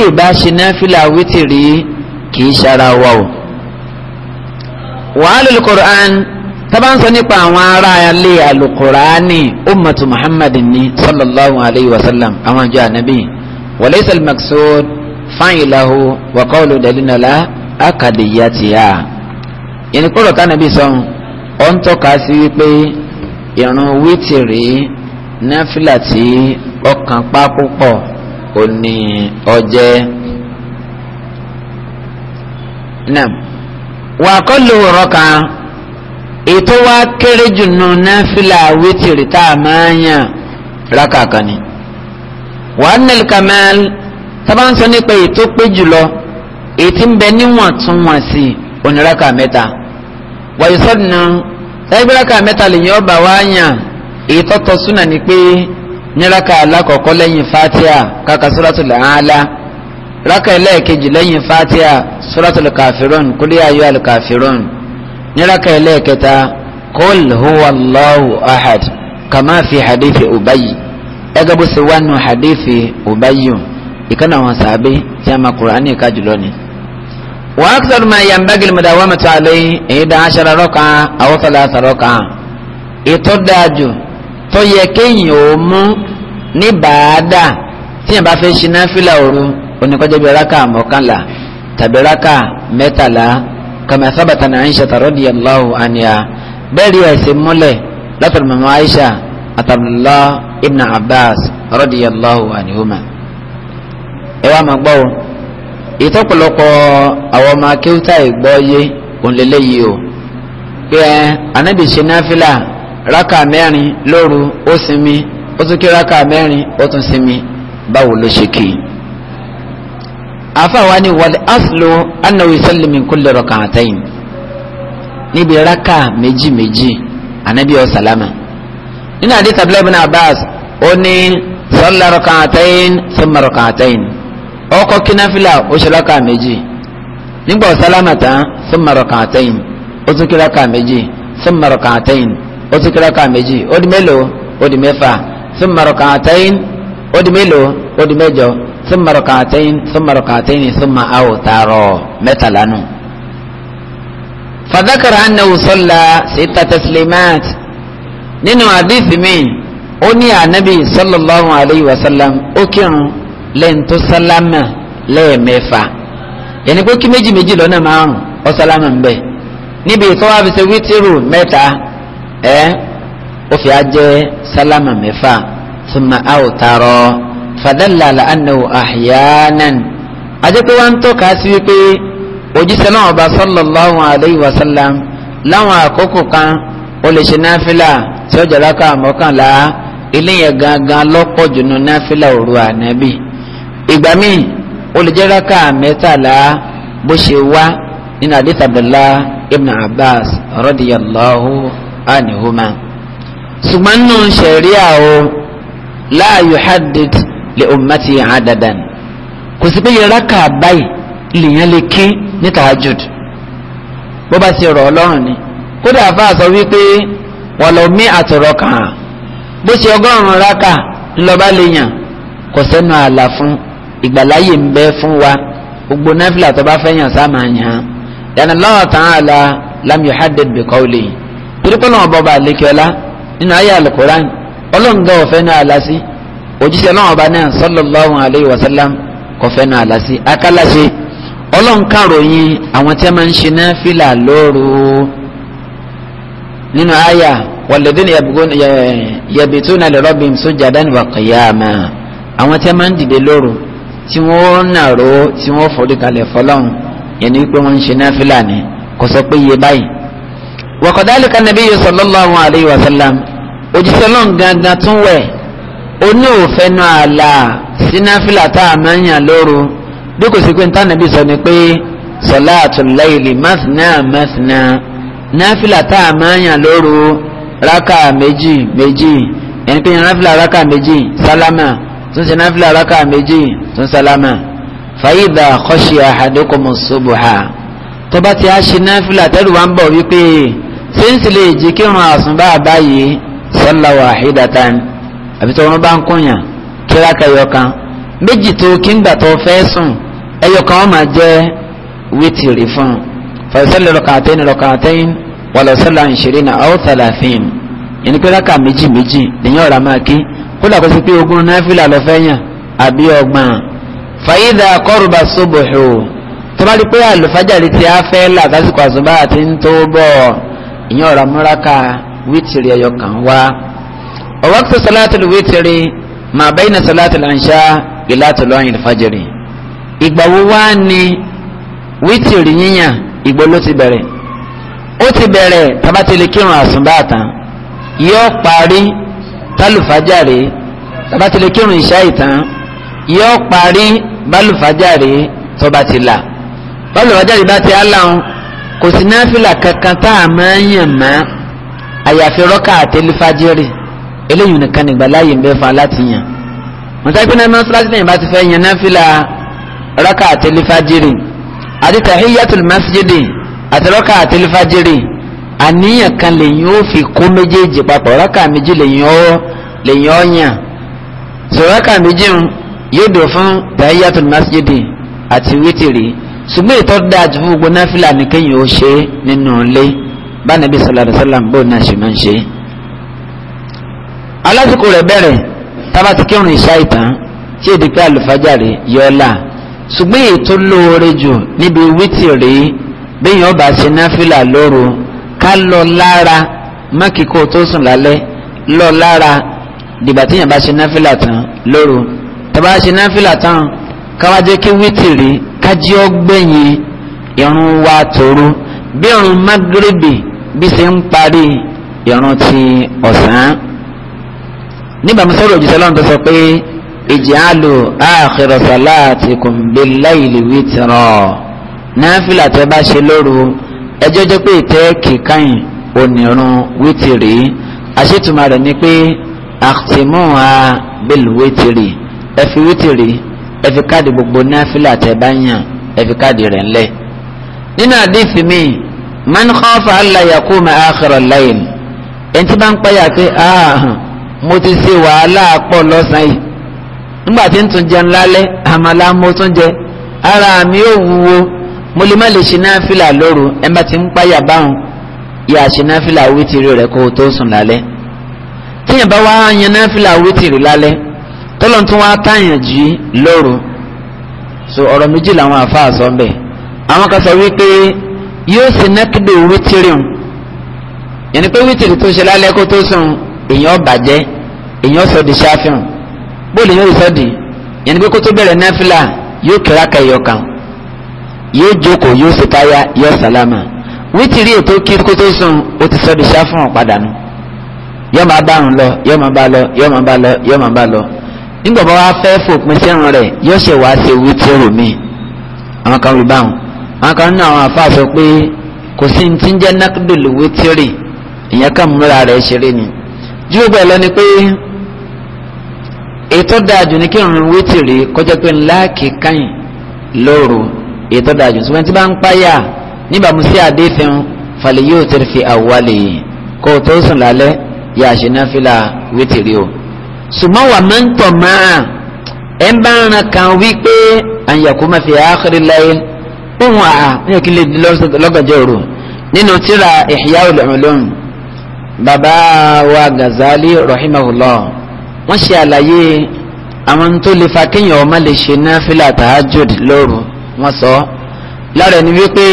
ì kìí ṣara wa o wàhálà alukur'an tabansọ nípa àwọn ará ilé alukur'ani ummatu muhammadin ni sallallahu alayhi wa sallam àwọn àjọ ànábì walaysa al-maqsud fa'ilahu wa qawlu dalina la akadiyatiha yẹn kúrò ń tọ́ka sí wípé ìrun wítìrì náfìlà tí ọkàn pa púpọ̀ òní ọjẹ́ nam wà á kọ́ lówó rọ́kà ètò wa kéré jù nù náfìlà wítìrì tá a máa ń yàn rákà kan ni wà á nílò kàmẹ́l sábà ń sọ nípa ètò pé jùlọ ètí ń bẹ níwọ̀ntúnwọ̀nsì oníraka mẹ́ta wàyí sọ́dùnà ẹgbẹ́raka mẹ́ta lè yàn ọba wa yàn ètò tọ́sùnà ni pé níraka alákọ̀ọ́kọ́ lẹ́yìn fatia kàkà suratul Aala rákà ẹlẹ́ẹ̀kejì lẹ́yìn fatiha suratul kafirun kúlẹ̀ ayé alkafirun ní rákà ẹlẹ́ẹ̀kẹta kul huwa allahu ahad kàmá fi hadithi ubayi ẹgbẹ́ bó ṣe wá nù hadithi ubayi ìkànnà wọn sàbẹ tí a máa kúránì ká jùlọ ni. wa akthar ma yanbaghi al-mudawamatu alayhi ihda ashara rak'a aw thalatha rak'a ètò dáàjù tó yẹ kéèyàn ó mú ní bàádà tí yẹn bá fẹ́ ṣe náfìlà òru oníkọ́jẹ́ bí raka mọ́kànlá tàbí raka mẹ́tàlá kàmá sábàtà ní Aisha radiyallahu anha bẹ́ẹ̀ rí ẹ̀sìn múlẹ̀ látọ̀rọ̀ màmá Aisha àtàbùlọ́ ibn Abbas radiyallahu anhuma. ẹ wá máa gbọ́ o ìtọ́pọ̀lọpọ̀ àwọn ọmọ akéwútà ìgbọ́ yé òǹlẹ́lẹ́yìí o pé ẹ anabi ṣe náfìlà raka mẹ́rin lóru ó sinmi ó tún kí raka mẹ́rin ó tún sinmi báwo ló ṣe kí i àfàwa ni wàlẹ̀ aslo anáwó ìsẹ́lẹ̀mí kúlẹ̀ rọ̀kà àtẹ́yìn níbi raka méjì méjì anabi ọ̀sálámà nínú àdìsí abúlé ibn abbas ó ní sọ́lá rọ̀kà àtẹ́yìn sọ́mà rọ̀kà àtẹ́yìn ọkọ̀ kínáfìlà ó ṣe raka méjì nígbà ọ̀sálámà tán sọ́mà rọ̀kà àtẹ́yìn ó tún kí raka méjì sọ́mà rọ̀kà àtẹ́yìn ó tún kí raka méjì ó di mélòó ó di mẹ́fà sọ́mà rọ̀kà àtẹ́yìn Odi di mélòó ó di mẹ́jọ summa rak'atayn summa rak'atayn summa awtarọ mẹ́tàlá nù. fadhakara annahu salla sita taslimat nínú àdìsí mi ó ní ànábì sallallahu alayhi wa sallam ó kírun lẹ́yìn tó sálámà lẹ́ẹ̀mẹ́fà yẹnni pé kí méjì méjì lọ́nà márùn ó sálámà ń bẹ̀ níbi ìtọ́wá fi ṣe wítírù mẹ́ta ẹ́ ó fi á jẹ́ sálámà mẹ́fà thumma awtara fadalla ala annahu ahyanan àjẹpẹ wa ń tọ́ka sí wípé òjíṣẹ́ náà ọba sallallahu alayhi wa sallam láwọn àkókò kan ó lè ṣe náfìlà tí ó jẹ́ra ká mọ́kànlá eléyẹn gangan lọ́pọ̀ jùlọ náfìlà òru ànábì ìgbà míì ó lè jẹ́ra ká mẹ́tàlá bó ṣe wá nínú hadith Abdullah ibn Abbas radiyallahu anihuma ṣùgbọ́n nínú ṣẹ̀ríà o. la yuhaddid li ummati adadan kò sí pé ìraka báyìí lèèyàn lè kí ní tahajud bó bá ti rọ̀ ọlọ́run ni kódà àfa sọ wípé wọ́n lọ mí àtọ̀rọ̀ kàn án bó ṣe ọgọ́rùn raka ńlọba lèèyàn kò sẹ́nu ààlà fún ìgbàláyè ń bẹ fún wa gbogbo náfìlà tó bá fẹ́yàn sáàmà yàn án yàrá lọ́wọ́ tán àlà lam yuhaddid bi torí pé lọ́wọ́ bọ́ bá àlékè nínú ayé alukurani ọlọ́ngàn ọ̀fẹ́ náà lásì òjíṣẹ́ ọlọ́run ọba náà sallallahu alayhi wa sallam kọfẹ́ náà lásì akálàṣe ọlọ́nkàròyìn àwọn tí a máa ń ṣe náà fìlà lóru nínú àyà walladhina yabituna li rabbihim sujadan wa qiyama àwọn tí a máa ń dìde lóru tí wọ́n nàró tí wọ́n forí kalẹ̀ fọlọ́run yẹn ni wípé wọ́n ń ṣe náà fìlà ni kò sọ pé iye báyìí wa kadhalika nabiyyu sallallahu alayhi wa sallam òjíṣẹ́ lọ́n gangan tún wẹ̀ ó ní òfẹ́nu ààlà sínáfìlà tá a máa ń yàn lóru bí kò sí pé ntánàbí sọ ni pé salatul layli mathna mathna náfìlà tá a máa ń yàn lóru rákà méjì méjì ẹni pé náfìlà rákà méjì sálámà tún ṣe náfìlà rákà méjì tún sálámà fàyídà khashiya ahadukumus subha tó bá ti á ṣe náfìlà tẹ́lù wá ń bọ̀ wípé ṣé ń sì lè jí kírun àsùnbà báyìí sọ́lá wàhídàtà àbí tó wọn bá ń kúnyà kíláka ẹyọkan méjì tó kíngbà tó fẹ́ sùn ẹyọkan wọn máa jẹ́ wítìrì fún un fọ̀sẹ́lẹ̀ rọ̀kàtẹ́yìn rọ̀kàtẹ́yìn wàlọ́sẹ́lá ìṣirínà ọ̀tàlàfíìn yẹn kíláka méjì méjì lèyìn ọ̀rá máa kí kódà kó sí pé ogún náfìlà lọ fẹ́ yàn àbí ọgbọ̀n fàyídà kọ́rùbà sóbòhò tó bá rí pé ti á fẹ́ là lásìkò àsùnbà àti ń ìyẹn ọ̀rá múra wítìrì ẹyọ kan wá ọwọ́kùtù sọláàtìlì wítìrì máa bẹ́ẹ̀ ní sọláàtìlì ànṣá ìlàtìlì ọ̀hìn ìfàjìrì ìgbà wo wá ni wítìrì yíyàn ìgbà ló ti bẹ̀rẹ̀ ó ti bẹ̀rẹ̀ tabatili kírun àsùnbà tán yóò parí tálùfájàre tabatili kírun ìṣá ìtàn yóò parí bálùfájàre tọba ti là bálùfájàre kankan tá a máa àyàfi rọ́kà àtẹlifájẹ́rì eléyìí nìkan nìgbà láàyè ń bẹ fún alátìyàn mọ̀tàkì náà mọ́sálásí náà bá ti fẹ́ yan náfìlà rọ́kà àtẹlifájẹ́rì àti tahiyatul masjidi àti rọ́kà àtẹlifájẹ́rì àníyàn kan lèyìn ó fi kó méjèèjì papọ̀ rọ́kà méjì lèyìn ó lèyìn ó yàn sọ̀rọ́kà méjì yóò dùn fún tahiyatul masjidi àti wítìrì ṣùgbọ́n ìtọ́ dáa ju fún gbogbo náfìlà nìkẹ́yìn ó ṣe nínú ilé bá nàbí sallallahu alaihi wasallam bó náà ṣe máa ń ṣe. alásìkò rẹ̀ bẹ̀rẹ̀ tába ti kírun ìṣá ìtàn tí èdè pé àlùfájàre yọ̀ọ́lá ṣùgbọ́n èyí tó lóore jù níbi wítìrì bẹ́yìn ọba ṣe náfìlà lóru ká lọ lára mọ́kìkó tó sùn lálẹ́ lọ lára dìgbà téèyàn bá ṣe náfìlà tán lóru tàbá ṣe náfìlà tán káwá jẹ́ kí wítìrì kájí ọgbẹ́yìn irun wa tòru bí irun magrebi bí ṣe ń parí ìrun ti ọ̀sán níbàámu sọ́rọ̀ òjì sọ́lọ́run tó sọ pé ìjìálù àkhira salatikum bil-layli witra náfìlà tẹ́ bá ṣe lóru ẹjọ́ jẹ́ pé ìtẹ́ kíkàyìn onírun wítìrì àṣetùmọ̀ rẹ̀ ni pé àtìmọ́ha bil wítìrì ẹ fi wítìrì ẹ fi káàdì gbogbo náfìlà tẹ́ bá yàn ẹ fi káàdì rẹ̀ ńlẹ̀ nínú àdéhìí mi man khafa alla yakuma akhira al-layl ẹni tí bá ń pẹ́yà pé ah, mo ti ṣe wàhálà pọ̀ lọ́sàn-án yìí nígbà tí ń tún jẹun lálẹ́ àmàlà mo tún jẹ ara mi ò wúwo mo lè má lè ṣe náfìlà lóru ẹ bá ti ń pẹ́yà báwọn yà ṣe náfìlà wítìrì rẹ kó o tó sùn lálẹ́ tíyẹn bá wá yan náfìlà wítìrì lálẹ́ tọ́lọ́n tún wá táyàn jí lóru so ọ̀rọ̀ méjì làwọn àfa àsọ ń bẹ̀ àwọn kan sọ wípé yóò sì nákìdò wítìrì hùn yẹnni pé wítìrì tó ṣe lálẹ́ kó tó sùn èèyàn bàjẹ́ èèyàn sọ di ṣáfihàn bóòlù yóò sọ di yẹnni pé kó tó bẹ̀rẹ̀ náfìlà yóò kíra kẹyọ kan yóò jókòó yóò sì táyà yóò sàlámà wítìrì ètò kí kó tó sùn ó ti sọ di ṣáfihàn padà nù yóò máa bá àrùn lọ yóò máa bá lọ yóò máa bá lọ yóò máa bá lọ nígbà bá wàá fẹ́ fòpin sẹ́rùn rẹ̀ yóò ṣe wàá ṣe wítìrì mi àwọn kan rí báwọn wọn kan nínú àwọn àfa sọ pé kò sí ti ń jẹ́ nákìdìlì wítírì ìyẹn kàn múra rẹ̀ ṣeré ni jù bẹ́ẹ̀ lọ ni pé ètò dáàjù ni kí n wítírì kọjá pé ńlá kíkàyìn lóru ètò dáàjù ṣùgbọ́n tí bá ń páyà níbàámu sí àdéfẹ́hùn falẹ̀ yóò tẹ̀lé fi àwálẹ̀ yìí kó o tó sùn lálẹ́ yà á ṣe náà fi là wítírì o ṣùgbọ́n wà máa ń tọ̀ máa ẹ̀ ń bá ń kan wí pé àyàkú máa fi àákírí láyé pé wọn à ní òkè lè di lọ́gànjọ́ òru nínú tíra ìhìyà olùmọ̀lọ́m bàbá wa gazali rahimahullah wọ́n ṣe àlàyé àwọn tó lè fa kéèyàn ọmọ lè ṣe náfìlà tahajjud lóru wọ́n sọ lára ẹni wípé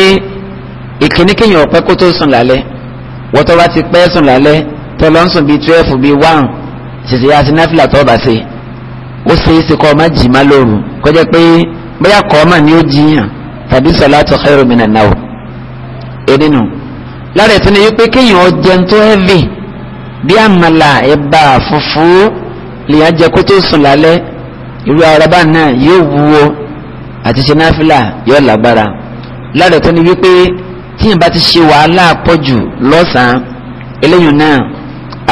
ìkíní kéèyàn ọ̀pẹ́ kó tó sùn lálẹ́ wọ́n tó bá ti pẹ́ sùn lálẹ́ tó lọ ń sùn bíi twelve bíi one ṣèṣe àti náfìlà tó bá ṣe ó ṣe é ṣe kọ́ ọ jì má lóru kọjá pé bóyá kọ́ ọ mà ní ó jiyàn tàbí sọláàtù khairu minan nawm ẹnìnú lára ẹ̀tún ni wípé kéèyàn jẹun tó hẹ́vì bí àmàlà ẹ̀bà fùfú lèèyàn jẹ kó tó sùn lálẹ́ irú ara bá náà yóò wúwo àti ṣe náfìlà yóò lágbára lára ẹ̀tún ni wípé tíyẹn bá ti ṣe wàhálà pọ̀jù lọ́sàn-án eléyìí náà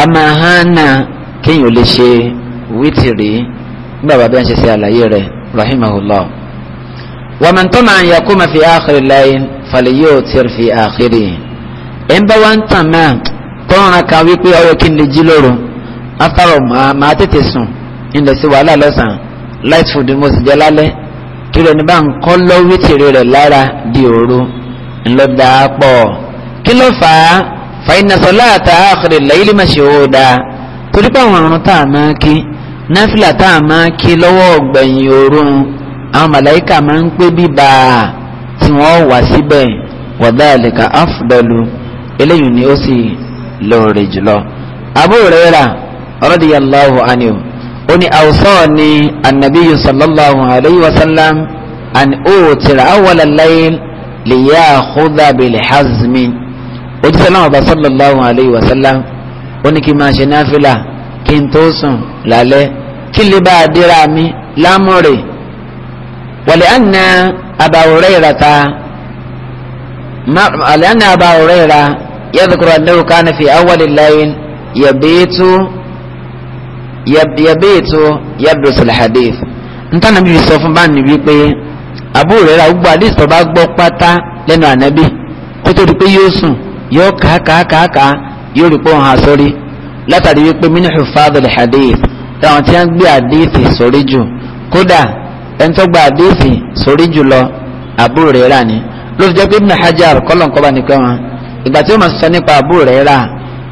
a máa hán náà kéèyàn lè ṣe wítìrì nígbà bàbá ń ṣe ṣe àlàyé rẹ̀ rahimahullah. ومن طمع أن يقوم في آخر الليل فليوتر في آخره إن بوان تما طونا كاويكو أو كن لجلورو أثر ما تتسون إن سوى لا لسان لا يتفو دموس جلالي kílò ní bá ń kọ́ lọ wítìrì rẹ̀ lára di òru ńlọ dáa pọ̀ kí ló fà á fàyínà sọlá àtà àkèrè lẹ́yìn má ṣe owó dáa torí pé àwọn ọ̀run tá a máa kí náfìlà tá a máa kí lọ́wọ́ ọ̀gbẹ̀yìn òru àwọn màláìka máa ń pé bíbá tí wọ́n wà síbẹ̀ wadhalika afdalu eléyìí ni ó sì lóore jùlọ. Abu Huraira radiyallahu anhu ó ní awsani an-nabiyyu sallallahu alayhi wa sallam an utira awwala al-layl liyakhudha bil-hazmi ojúṣe náà ọba sallallahu alayhi wa sallam ó ní kí n máa ṣe náfìlà kí n tó sùn lálẹ́ kí lè bá a dira mi lámúre. ولأن أبا هريرة لأن أبا هريرة يذكر أنه كان في أول الليل يبيت يبيت يدرس الحديث nta nàbí fi sọ fún báyìí wípé Abu Huraira gbogbo àdìs tó bá gbọ́ pátá lẹ́nu ànábì kó tó di pé yóò sùn yóò kà kà kà kà yóò rí pé òun àsọrí látàrí wípé minhu fadl hadith táwọn tí wọ́n gbé àdìs sórí jù kódà ẹni tó gba àdéhìsì sórí jùlọ Abu Hurairah ni ló fi jẹ́ pé Ibn Hajar kọ́lọ̀nkọ́ba nìkan wọn ìgbà tí ó máa sọ nípa Abu Hurairah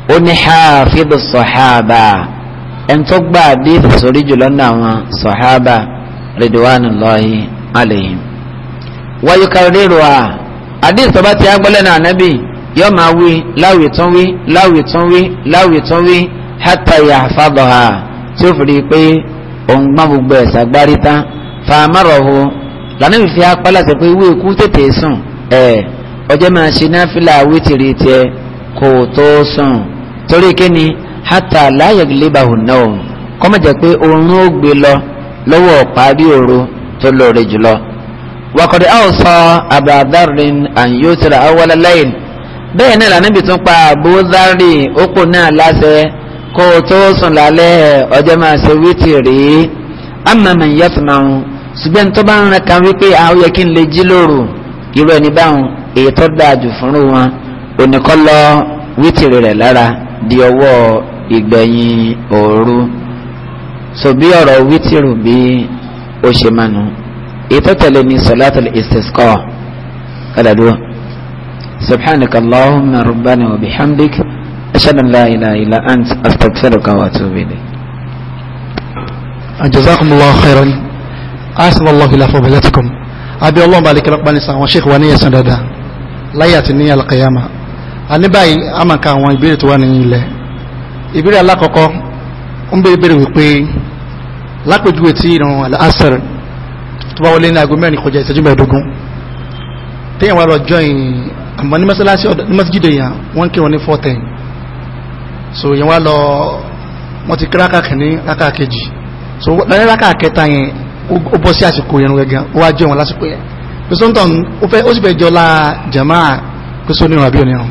ó ní hafidu sọ̀háàbà ẹni tó gba àdéhìsì sórí jùlọ náà wọn sọ̀háàbà ridwanullahi alayhim wáyúkàrírò à àdéhìsì tó bá ti agbọ́lẹ̀ náà nábì yóò máa wí láwì tún wí láwì tún wí láwì tún wí hátà yahfadha tí ó fi rí i pé òun gbọ́n gbogbo ẹ̀sà gbárí tán fàmárọ̀hù lànà ìfi apálàṣẹ pé ìwé ikú tètè sùn ẹ̀ ọjọ́ máa ṣe náfìlà wítìrì tiẹ̀ kò tó sùn torí kíni hátà láàyè gílébàhù náà kọ́mọ̀jẹ̀ pé oorun ó gbé lọ lọ́wọ́ parí òru tó lóore jùlọ. wàkọ̀dé àwòsàn àbàdàrin àyòtìrà awọ́láláyìn bẹ́ẹ̀ náà lànàbì tún pa àbúzárì òpó náà láṣẹ kó tó sùn lálẹ́ ọjọ́ máa ṣe wítìrì ṣùgbọ́n tó bá ń rẹ kan wípé àwọn ah, yẹ kí n lè jí lóru irú ẹni báwọn èyí tó dáa jù fún wọn oníkọ́ lọ wítìrì rẹ̀ lára di ọwọ́ ìgbẹ̀yìn òru so bí ọ̀rọ̀ wítìrì bí ó ṣe máa nù èyí tó tẹ̀lé ní salatul istisqa kọ́dà dúró subhanaka allahumma rabbana wa bihamdik ashhadu an la ilaha illa ant astaghfiruka wa atubu ilayk. jazakumullahu khairan asàlọ́ lọ́fi láfọ́ bẹ̀lẹ́tìkùn abẹ́ ọlọ́run bá lékelọ́ pa ní sàn àwọn sheikh wa ní ẹ̀sán dáadáa láyé àti ní alqiyama àní báyìí a máa ka àwọn ìbéèrè tó wà ní ilẹ̀ ìbéèrè alákọ̀ọ́kọ́ ń bèrè bèrè wípé lápèjúwe tí ìrun al-asr tó bá wọlé ní aago mẹ́rin kọjá ìṣẹ́jú mẹ́ẹ̀ẹ́dógún téèyàn wà lọ jọyìn àmọ́ ní mọ́sálásí ọ̀dọ̀ ní mọ́síjídé yẹn wọ́n kírun ní four so yẹn wà lọ wọ́n ti kí rákà kìíní so lẹ́yìn rákà kẹta ó bọ́ sí àsìkò irun gẹ́gẹ́ ó wá jẹ́ wọn lásìkò yẹn pẹ̀sọ́ntàn ó sì fẹ́ jọlá jàmáà pẹ̀sọ́ onírun àbí onírun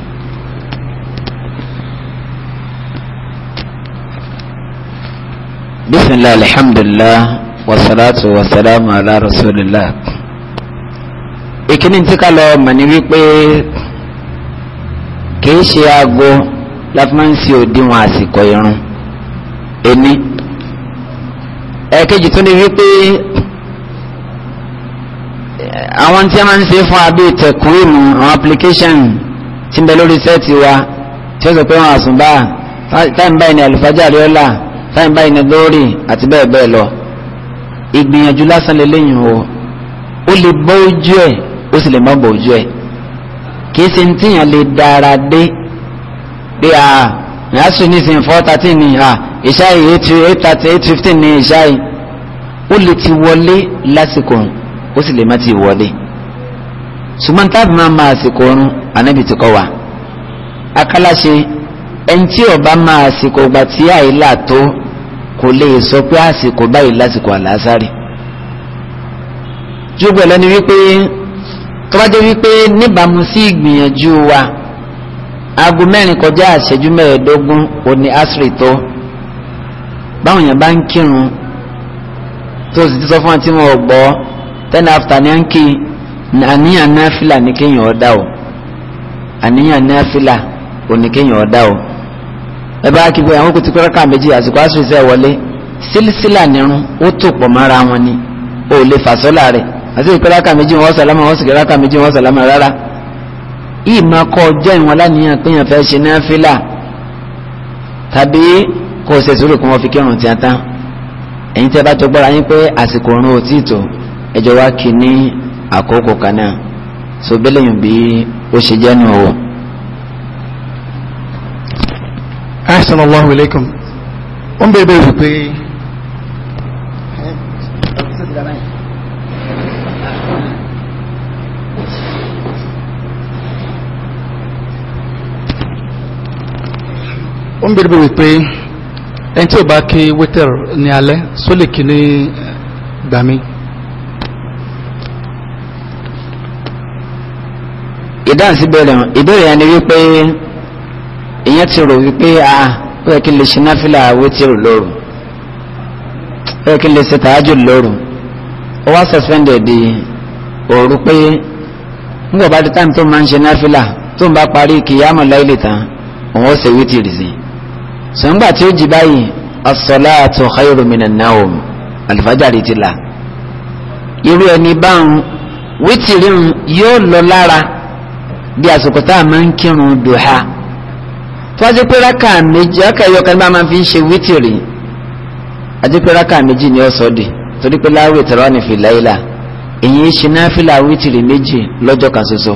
bisimilahi alhamdulilah wasalatu wasalamu ala rasulillah ìkíni tí ká lọ mọ̀ ní wípé kìí ṣe aago láti máa ń ṣe òdiwọ̀n àsìkò irun ẹni ẹ̀kejì tó ní wípé àwọn tí a máa ń ṣe fún abẹ́ tẹ̀kúrìmù àwọn application tí ń bẹ lórí sẹ́ẹ̀tì wa tí ó sọ pé wọn àsùnbà táìm báyìí ní àlùfájà àríọ́là táìm báyìí ní lórí àti bẹ́ẹ̀ bẹ́ẹ̀ lọ ìgbìyànjú lásán lélẹ́yìn o ó lè bọ́ ojú ẹ̀ ó sì lè má bọ́ ojú ẹ̀ kìí ṣe tíyàn lè dára dé pé à ní àṣù nísìnyí four ni à ìṣáì eight eight thirty eight fifteen ní ìṣáì ó lè ti wọlé lásìkò ó sì lè má ti wọlé ṣùgbọ́n táàbì máa ma àsìkò oorun ànábì ti kọ́ wa akálàṣe ẹni tí ọba máa àsìkò ìgbà tí àìlà tó kò lè sọ pé àsìkò báyìí lásìkò àlàásárì jógbó ẹ̀ lẹ́ni wípé tọ́wádé wípé níbàámu sí ìgbìyànjú wa aago mẹ́rin kọjá àṣẹjú mẹ́ẹ̀ẹ́dógún òní asiri tó báwọn èèyàn bá ń kírun tó sì ti sọ fún wa tí wọn ò gbọ́ ten after ní à ń kí àníyàn náfìlà ní kéèyàn ọ̀dà o àníyàn náfìlà ò ní kéèyàn ọ̀dà o ẹ bá kí bóyá àwọn kò ti kọ́ rákà méjì àsìkò àṣù iṣẹ́ wọlé sílísílà nírun ó tò pọ̀ mọ́ra wọn ni ó lè fà sọ́là rẹ̀ àti ìpè rákà méjì wọn sàlámà wọn sì kí méjì wọn sàlámà rárá yìí ọjọ́ ìwọ̀n láníyàn péyàn fẹ́ ṣe náfìlà tàbí kó o ṣe sùúrù kí wọ́n fi kírun tí a tán ẹ̀yin tí a bá tó gbọ́ra yín pé àsìkò òun ò tíì tó ẹjọ́ wá kí ní àkókò kan náà so bẹ́lẹ̀yìn bí ó ṣe jẹ́ nù o. Assalamu alaikum wọ́n bẹ̀rẹ̀ bẹ̀rẹ̀ pé wọ́n bẹ̀rẹ̀ bẹ̀rẹ̀ pé ẹni tí ò bá kí wítẹ̀r ní alẹ́ só lè kí ní eh, gbàmí. ìdáhùn sí bẹ̀rẹ̀ ìbéèrè yẹn ni wípé ìyẹn ti rò wípé a ó yẹ kí n lè ṣe náfìlà wítẹ̀r lóru ó yẹ kí n lè ṣe tààjù lóru ó wá sọspẹ́ndẹ̀ di òru pé nígbà bá di táìmù tó máa ń ṣe náfìlà tó ń bá parí kìyàmù láìlì tán òun ó ṣe wítìrì sí i sọ̀ngbà tí ó jì báyìí as-salatu khayru minan nawm àlùfájàre ti là irú ẹni báwọn wítìrì yóò lọ lára bí àsìkò tá a máa ń kírun duha tọ́jú pé rákà méjì ọkà ẹ̀yọkàn bá máa fi ń ṣe wítìrì àti pé rákà méjì ni ó sọ di torí pé láwùrẹ̀ tẹ̀rọ ní fìlàílà èyí ṣe náfìlà wítìrì méjì lọ́jọ́ kan ṣoṣo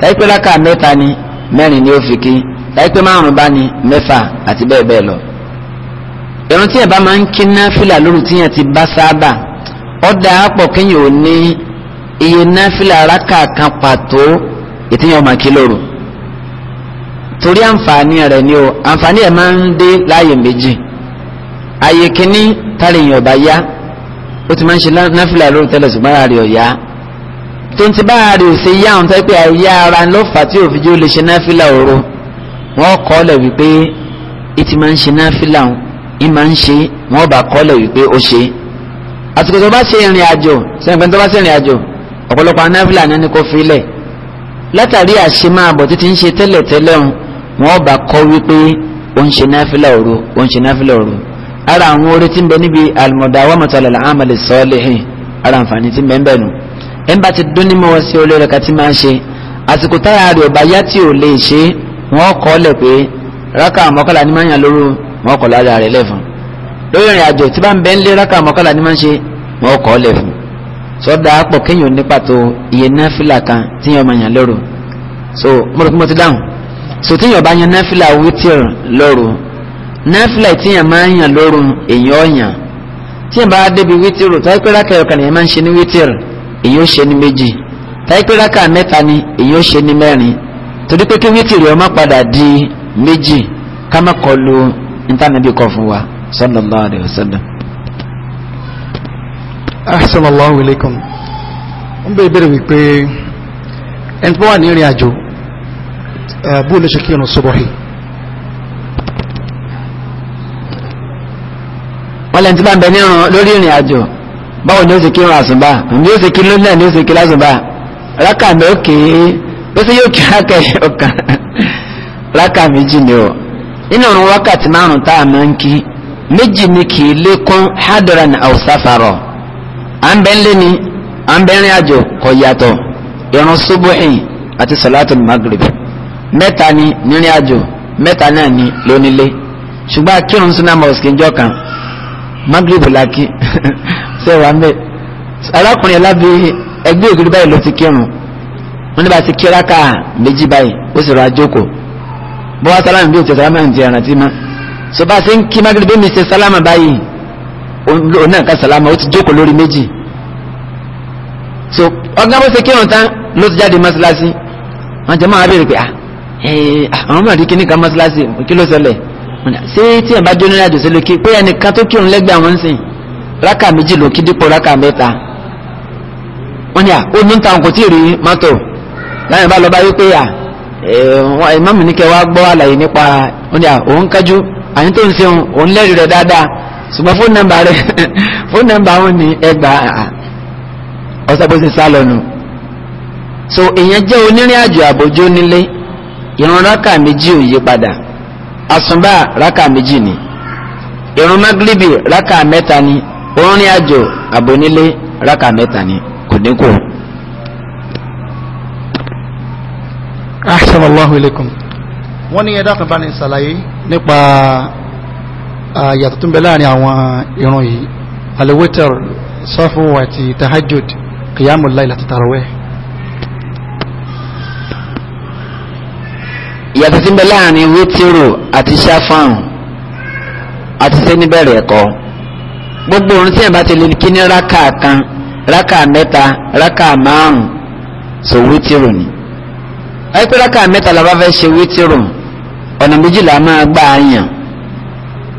tàbí pé rákà mẹ́ta ni mẹ́rin ni ó fi kí láìpẹ́ márùn bá ní mẹ́fà àti bẹ́ẹ̀ bẹ́ẹ̀ lọ. ìrun tí ẹ̀ bá máa ń kí náfìlà lóru tí yẹn ti bá sábà ó dáa pọ̀ kéèyàn ò ní iye náfìlà rákà kan pàtó ìtìyàn máa kí lóru. torí àǹfààní rẹ̀ ni o àǹfààní ẹ̀ máa ń dé láàyè méjì àyè kínní tàrí èèyàn ọba yá ó ti máa ń ṣe náfìlà lóru tẹ́lẹ̀ ṣùgbọ́n àárẹ̀ ọ̀yá tó ń ti yá àwọn tó ń àyà ara ló fà tí òfìjì ó lè ṣe náfìlà òru wọ́n kọ́lẹ̀ wípé ìtì máa ń ṣe náfìlà ń máa ń ṣe wọ́n bá kọ́lẹ̀ wípé ó ṣe àsìkò tó bá ṣe ìrìn àjò sẹ́yìnpẹ́ tó bá ṣe ìrìn àjò ọ̀pọ̀lọpọ̀ anáfìlà náà ni kò filẹ̀ látàrí àṣemáàbọ̀ títí ń ṣe tẹ́lẹ̀ tẹ́lẹ̀ wọ́n bá kọ́ wípé ó ń ṣe náfìlà òru ó ń ṣe náfìlà òru ara àwọn orí tí ń bẹ níbi almudawamatal amal salihin ara àǹfààní tí ń bẹ ń bẹ nù ẹ̀ ń bá ti dún ní mọ́wọ́ wọ́n kọ́ lẹ̀ pé rákà mọ́kànlá ni máa ń yàn lóru wọ́n kọ́ lára rẹ̀ lẹ́fun lórí ìrìn àjò tí bá ń bẹ́ ń lé rákà mọ́kànlá ni máa ń ṣe wọ́n kọ́ lẹ́fun sọ́dà pọ̀ kéèyàn ní pàtó iye náfìlà kan tíyàn máa yàn lóru so mo rò mo ti dáhùn so tíyàn bá yan náfìlà wítìr lóru náfìlà tíyàn máa ń yàn lóru èèyàn ọ̀yàn tíyàn bá débi wítìr táyé pé rákà ẹ̀rọ kan èèyàn máa ń ṣe ní wítìr èèyàn ó ṣe ní méjì táyé pé rákà mẹ́ta ni èèyàn ó ṣe ní mẹ́rin torí pé kí wítìrì ọmọ padà di méjì ká má kọlu ntànàbí kọ fún wa sallallahu alaihi wasallam. Assalamu alaikum ń bẹ ìbéèrè wípé ẹni tó wà ní ìrìn àjò bóun ló ṣe kí ọ̀nà sọ̀rọ̀ yìí. wọ́n lẹ́ni tí bá ń bẹ nírun lórí ìrìn àjò báwo ni ó ṣe kí irun àsùnbà ní ó ṣe kí lónìí ní ó ṣe kí lásùnbà rákà mẹ́ọ̀kẹ́ pé sí yóò kí rákà ọ̀kan rákà méjì ni ọ nínú ọ̀run wákàtí márùn tá a máa ń kí méjì ni kì í lékún hadaran aw safara à ń bẹ́ ń lé ni à ń bẹ́ ń rìn àjò kò yàtọ̀ ìrun subuhi àti salatul maghrib mẹ́ta ni nírìn àjò mẹ́ta náà ni lónílé ṣùgbọ́n akírun sínú àmọ̀sìkì ńjọ kan maghrib làkì ṣé wàá mẹ́ arákùnrin alábi ẹgbẹ́ ògiri báyìí ló ti kírun wọ́n ní bá ti kíráka méjì báyìí ó sì rọ àjókò bó wá sálámà bí òtún sálámà ti ẹ̀rántí ma so bá a ṣe ń kí magrebi mi ṣe sálámà báyìí òun náà ká sálámà ó ti jókòó lórí méjì so ọgbọ́n bó ṣe kírun tán ló ti jáde mọ́ṣáláṣí wọ́n jẹ́ máa bèèrè pé ah, ah àwọn ọmọdé kí ní ká mọ́ṣáláṣí kí ló ṣẹlẹ̀ ṣé tí ẹ̀ bá jó nílẹ̀ àjọṣe ló kí pé ẹnìkan tó kírun lẹ́gbẹ̀ẹ́ àwọn ń sìn rákà méjì ló kí dípò rákà mẹ́ta wọ́n ní à ah, ó ní ta nǹkan rí mọ́tò láyìn bá lọ bá wípé à eh, ìmáàmù ní kẹwàá gbọ́ àlàyé nípa oníyà òun kájú àyín tó ń ṣeun òun lẹ́rìí rẹ̀ dáadáa ṣùgbọ́n fóònù nọ́mbà rẹ̀ fóònù nọ́mbà òun ni ẹgbà ọ̀sẹ̀ bó so ìyẹn jẹ́ onírìn àjò àbójú nílé ìrun rákà méjì ò yí padà àsùnbà rákà méjì ni ìrun magribi rákà mẹ́ta ni orin àjò àbónílé rákà mẹ́ta ni kò dínkù. ahsanallahu ilaykum wọ́n ní ẹ̀dá kan bá ní ṣàlàyé nípa yàtọ̀ tó ń bẹ láàrin àwọn irun yìí alewétẹ̀r sọ́fù àti tahajjud kìyàmù láìlà àti tarawẹ́ yàtọ̀ tó ń bẹ láàrin wétẹ̀rù àti sáfàn àti sẹ́ni bẹ̀rẹ̀ gbogbo orin tí ẹ̀ bá ti lè kí ní rákà kan rákà mẹ́ta rákà márùn-ún sọ ni ẹ̀pẹ́rẹ́kà mẹ́ta la bá fẹ́ ṣe wítìrù ọ̀nà méjìlá máa gbà yàn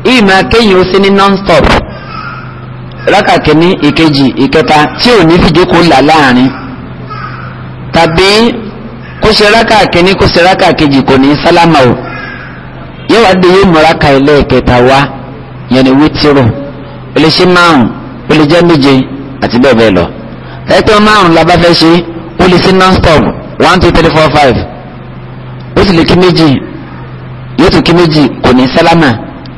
ìyí máa kéyìn ó sí ní non-stop rákà kìíní ìkejì ìkẹta tí ò ní fìjókòó là láàrin tàbí kó ṣe rákà kìíní kó ṣe rákà kejì kò ní sálámà o yóò wá dé yóò mú rákà ilé ìkẹta wá yẹn ni wítìrù ó lè ṣe márùn ó lè jẹ́ méje àti bẹ́ẹ̀ bẹ́ẹ̀ lọ ẹ̀pẹ́ márùn la bá fẹ́ ṣe ó lè ṣe non-stop one two three four five ó sì lè kí méjì yóò tún kí méjì kò ní sálámà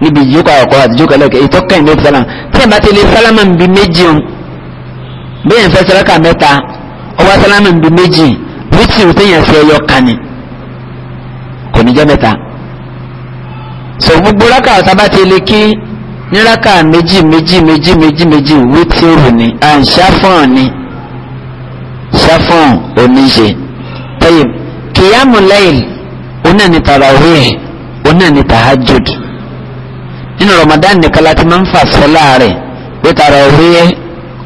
níbi ìjókòó àkọ́kọ́ àti ìjókòó ẹlẹ́kẹ̀ẹ́ ètò kẹ́hìn ló ti sálámà tí ẹ̀ bá ti lè sálámà níbi méjì o bẹ́ẹ̀ ń fẹ́ sẹ́lẹ́kà mẹ́ta ọwọ́ sálámà níbi méjì wítì ò téèyàn fi ẹyọ kani kò ní jẹ́ mẹ́ta so gbogbo rákà ọ̀tá bá ti lè kí ní rákà méjì méjì méjì méjì méjì wítì òrùn ni à ń ṣáfọ̀n ni ṣáfọ̀n oníṣe tayyib kìyàmù layl Una ni tarawih ọ̀nà ni tahajjud nínú ramadan nìkan láti máa ń fà sọ láàrẹ̀ pé tarawih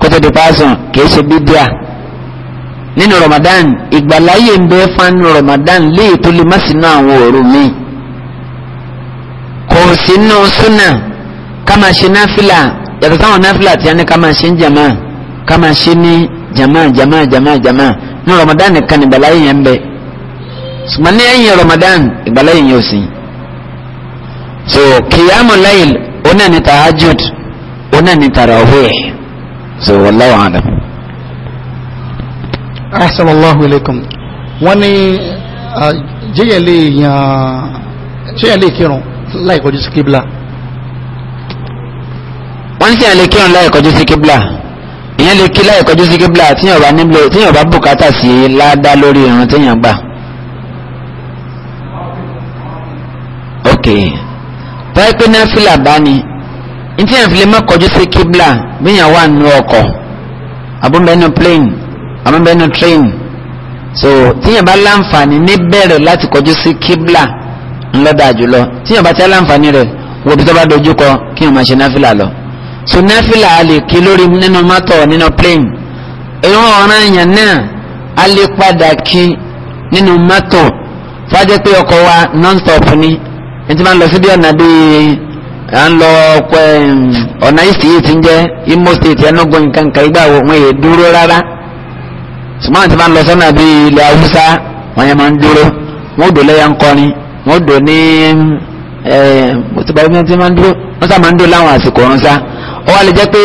kótó di pásán kìí ṣe bídíà nínú ramadan ìgbàláyè ń bẹ fánú ramadan léè tó lè má sínú àwọn òru mi kò sínú súnà ká máa ṣe náfìlà yàtọ̀ sáwọn náfìlà tí a ní ká máa ṣe ń jàmá ká máa ṣe ní ní Ramadan nìkan ìgbàláyé yẹn ń bẹ ṣùgbọ́n ní ẹ̀yìn Ramadan ìgbàláyé yẹn ò sí. so kìyàmù láyìl ọ̀nà ni tahajud ọ̀nà ni tarawih so wallahu alam. asalaamu alaykum wọ́n ní jẹ́yẹ̀ lè yan ṣẹ́yẹ̀ lè kírun láì kọjú sí kíbla. wọ́n ní ṣẹ́yẹ̀ lè kírun láì kọjú sí kíbla ìyẹn lè kí láì kọjú sí kíbla tíyàn bá nílò tíyàn bá bùkátà sí ládá lórí irun tíyàn gbà. ok pẹ́ẹ́pẹ́ náà fìlà bá ní tíyàn fi lè má kọjú sí kíbla bíyàn wà nù ọkọ̀ abúmbẹ́nu plane abúmbẹ́nu train so tíyàn bá láǹfààní níbẹ̀rẹ̀ láti kọjú sí kíbla ńlọ́dà jùlọ tíyàn bá ti láǹfààní rẹ̀ wọ́n bí tó bá dojú kọ kíyàn máa ṣe náà fìlà lọ. so náfìlà a lè kí lórí nínú mọ́tò nínú plane a lè padà kí nínú mọ́tò fàájẹ́ pé ọkọ wa non ni ẹni tí máa lọ síbi ọ̀nà bíi à ń Imo State Enugu nǹkan kan ìgbà wọn yẹ dúró rárá ṣùgbọ́n àti máa ń lọ sọ́nà bíi ilẹ̀ Haúsá wọn máa ń dúró wọn ò dò wọn ò dò ní ó wá lè jẹ́ pé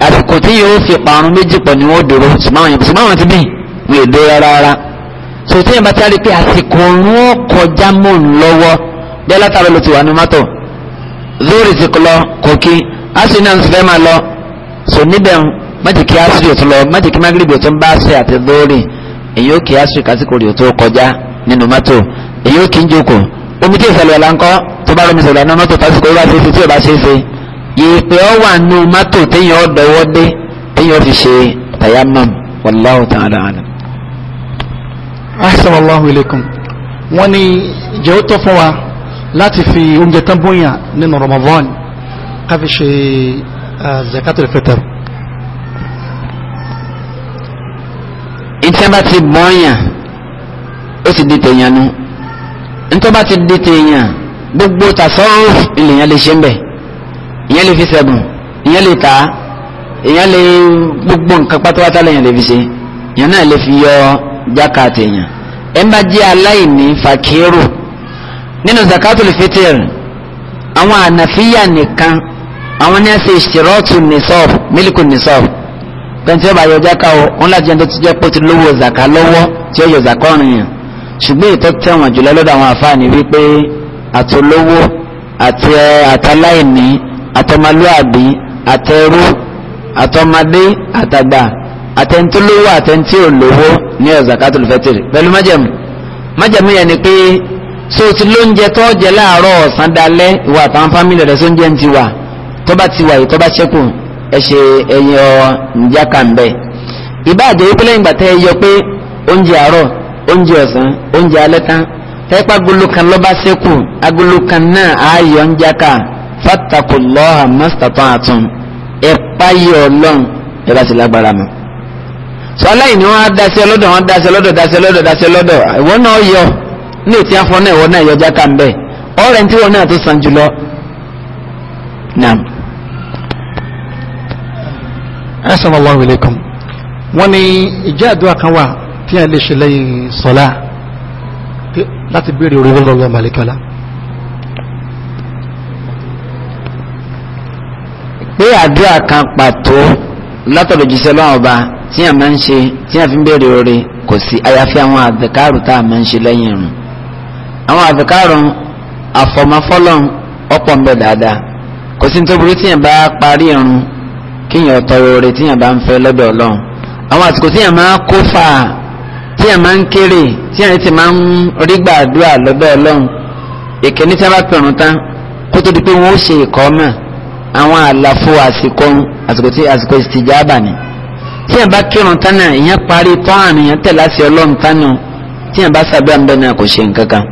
àsìkò tí yóò fi parun méjì pọ̀ ni wọ́n dòrò ṣùgbọ́n àwọn ti bí wọ́n èdè rárá so tí yẹn bá ti rí pé àsìkò òun ó kọjá mọ́ òun lọ́wọ́ bí alátàrọ̀ ló ti wà ní mọ́tò lórí ti lọ kòkí asiri náà ti fẹ́ máa lọ so níbẹ̀ mẹ́tìkì asiri òtún lọ mẹ́tìkì magrebi òtún bá asiri àti lórí èyí ó kì í asiri kásìkò rí òtún kọjá nínú mọ́tò èyí ó kì í jókòó omi tí ìsàlùwẹ̀ là ń tó bá rọmi ìsàlùwẹ̀ náà mọ́tò tásìkò ó bá ṣe é ṣe tí ò bá ṣe é ṣe ìpè ọ wà nù mọ́tò téèyàn ọ̀dọ́wọ́ dé téèyàn fi ṣe tayammum wallahu ta'ala alam. ahsan allahu ilaykum wọ́n ní ìjẹ́ ó tọ́ fún wa láti fi oúnjẹ tán bóyá nínú Ramadan ká fi ṣe zakatul fitr. ìtẹ́bá ti bọ́ọ̀yàn ó ti di tèèyàn nu ntọ́ba ti di tèèyàn gbogbo tasọ́rọ̀ ilẹ̀ lè ṣe ń bẹ̀ ìyẹn lè fi sẹ́gun ìyẹn lè ta ìyẹn lè gbogbo nǹkan pátápátá lẹ́yìn lè fi ṣe ìyẹn náà lè fi yọ jákàtì èèyàn ẹ̀ ń bá jẹ́ aláìní fàkírù nínú zakatul fitr àwọn ànàfíyà nìkan àwọn ní ẹsẹ̀ ìṣirọ́tù nìsọ́ọ̀bù mílíkù nìsọ́ọ̀bù pẹ̀ntì ọba yọ jáka o wọn láti jẹun tó ti jẹ́ pé ó ti lówó zaka lọ́wọ́ tí ó yọ zaka ọ̀rìn ṣùgbọ́n ìtọ́ tẹ̀wọ̀n jùlọ lọ́dọ̀ àwọn àfáàní wípé àtolówó àti àtàláìní àtọmọlúàbí àtẹrú àtọmọdé àtàgbà àtẹntúlówó àtẹntí olówó ní zakatul fitri pẹ̀lú májẹ̀mú májẹ̀mú yẹn ni pé so ti lóúnjẹ tó jẹ láàárọ̀ ọ̀sán dalẹ́ ìwà àtàwọn rẹ̀ sóúnjẹ ń ti wà tó bá ti wà yìí tó bá ṣẹ́kù ẹ ṣe ẹyin ọ ǹjàkà ń bẹ ìbá àjẹ wípé lẹ́yìn ìgbà tẹ́ ẹ yọ pé kan bá kan náà fattaqullaha mastata'tum ẹ páyé ọlọ́run ẹ bá ti lágbára mọ́. sọlá yìí ni wọ́n á dasẹ́ lọ́dọ̀ wọ́n á dasẹ́ lọ́dọ̀ dasẹ́ lọ́dọ̀ dasẹ́ lọ́dọ̀ ìwọ náà yọ ní ètí afọ náà ìwọ náà yọjá ká ń bẹ̀ ọ̀rẹ́ wọn náà tó san jùlọ. naam. assalamu alaykum wọ́n ní ìjẹ́ àdúrà kan wà tí a lè ṣe lẹ́yìn sọlá láti béèrè orí lọ́wọ́ malikala. àdúrà kan pàtó látọ̀dọ̀ jíṣẹ́ lọ́wọ́ ọba tí a máa ń ṣe tí a fi ń béèrè oore kò sí àyàfi àwọn àdìkárù tá a máa ń ṣe lẹ́yìn irun àwọn àdìkárù àfọ̀mọ́fọ́lọ́n ọ̀pọ̀ ń bẹ dáadáa kò sí nítorí burú tí a bá parí irun kíyàn tọrọ oore tí a bá ń fẹ́ lọ́dọ̀ ọlọ́run àwọn àsìkò tí a máa kó fà á tí a máa ń kéré tí a ti máa ń rí gbàdúrà lọ́dọ̀ ọlọ́run ìkíní tí a bá pẹ̀rùn tán kó tó di pé wọ́n ó ṣe ìkọ́ náà àwọn àlàfo àsìkò àsìkò tí àsìkò ìsìtìjáàbà ni tí yẹn bá kírun tánà ìyẹn parí tọ́hàn ìyẹn tẹ̀ láti ọlọ́run tánà tí yẹn bá sàbẹ̀ àmbẹ̀ náà kò ṣe nǹkan kan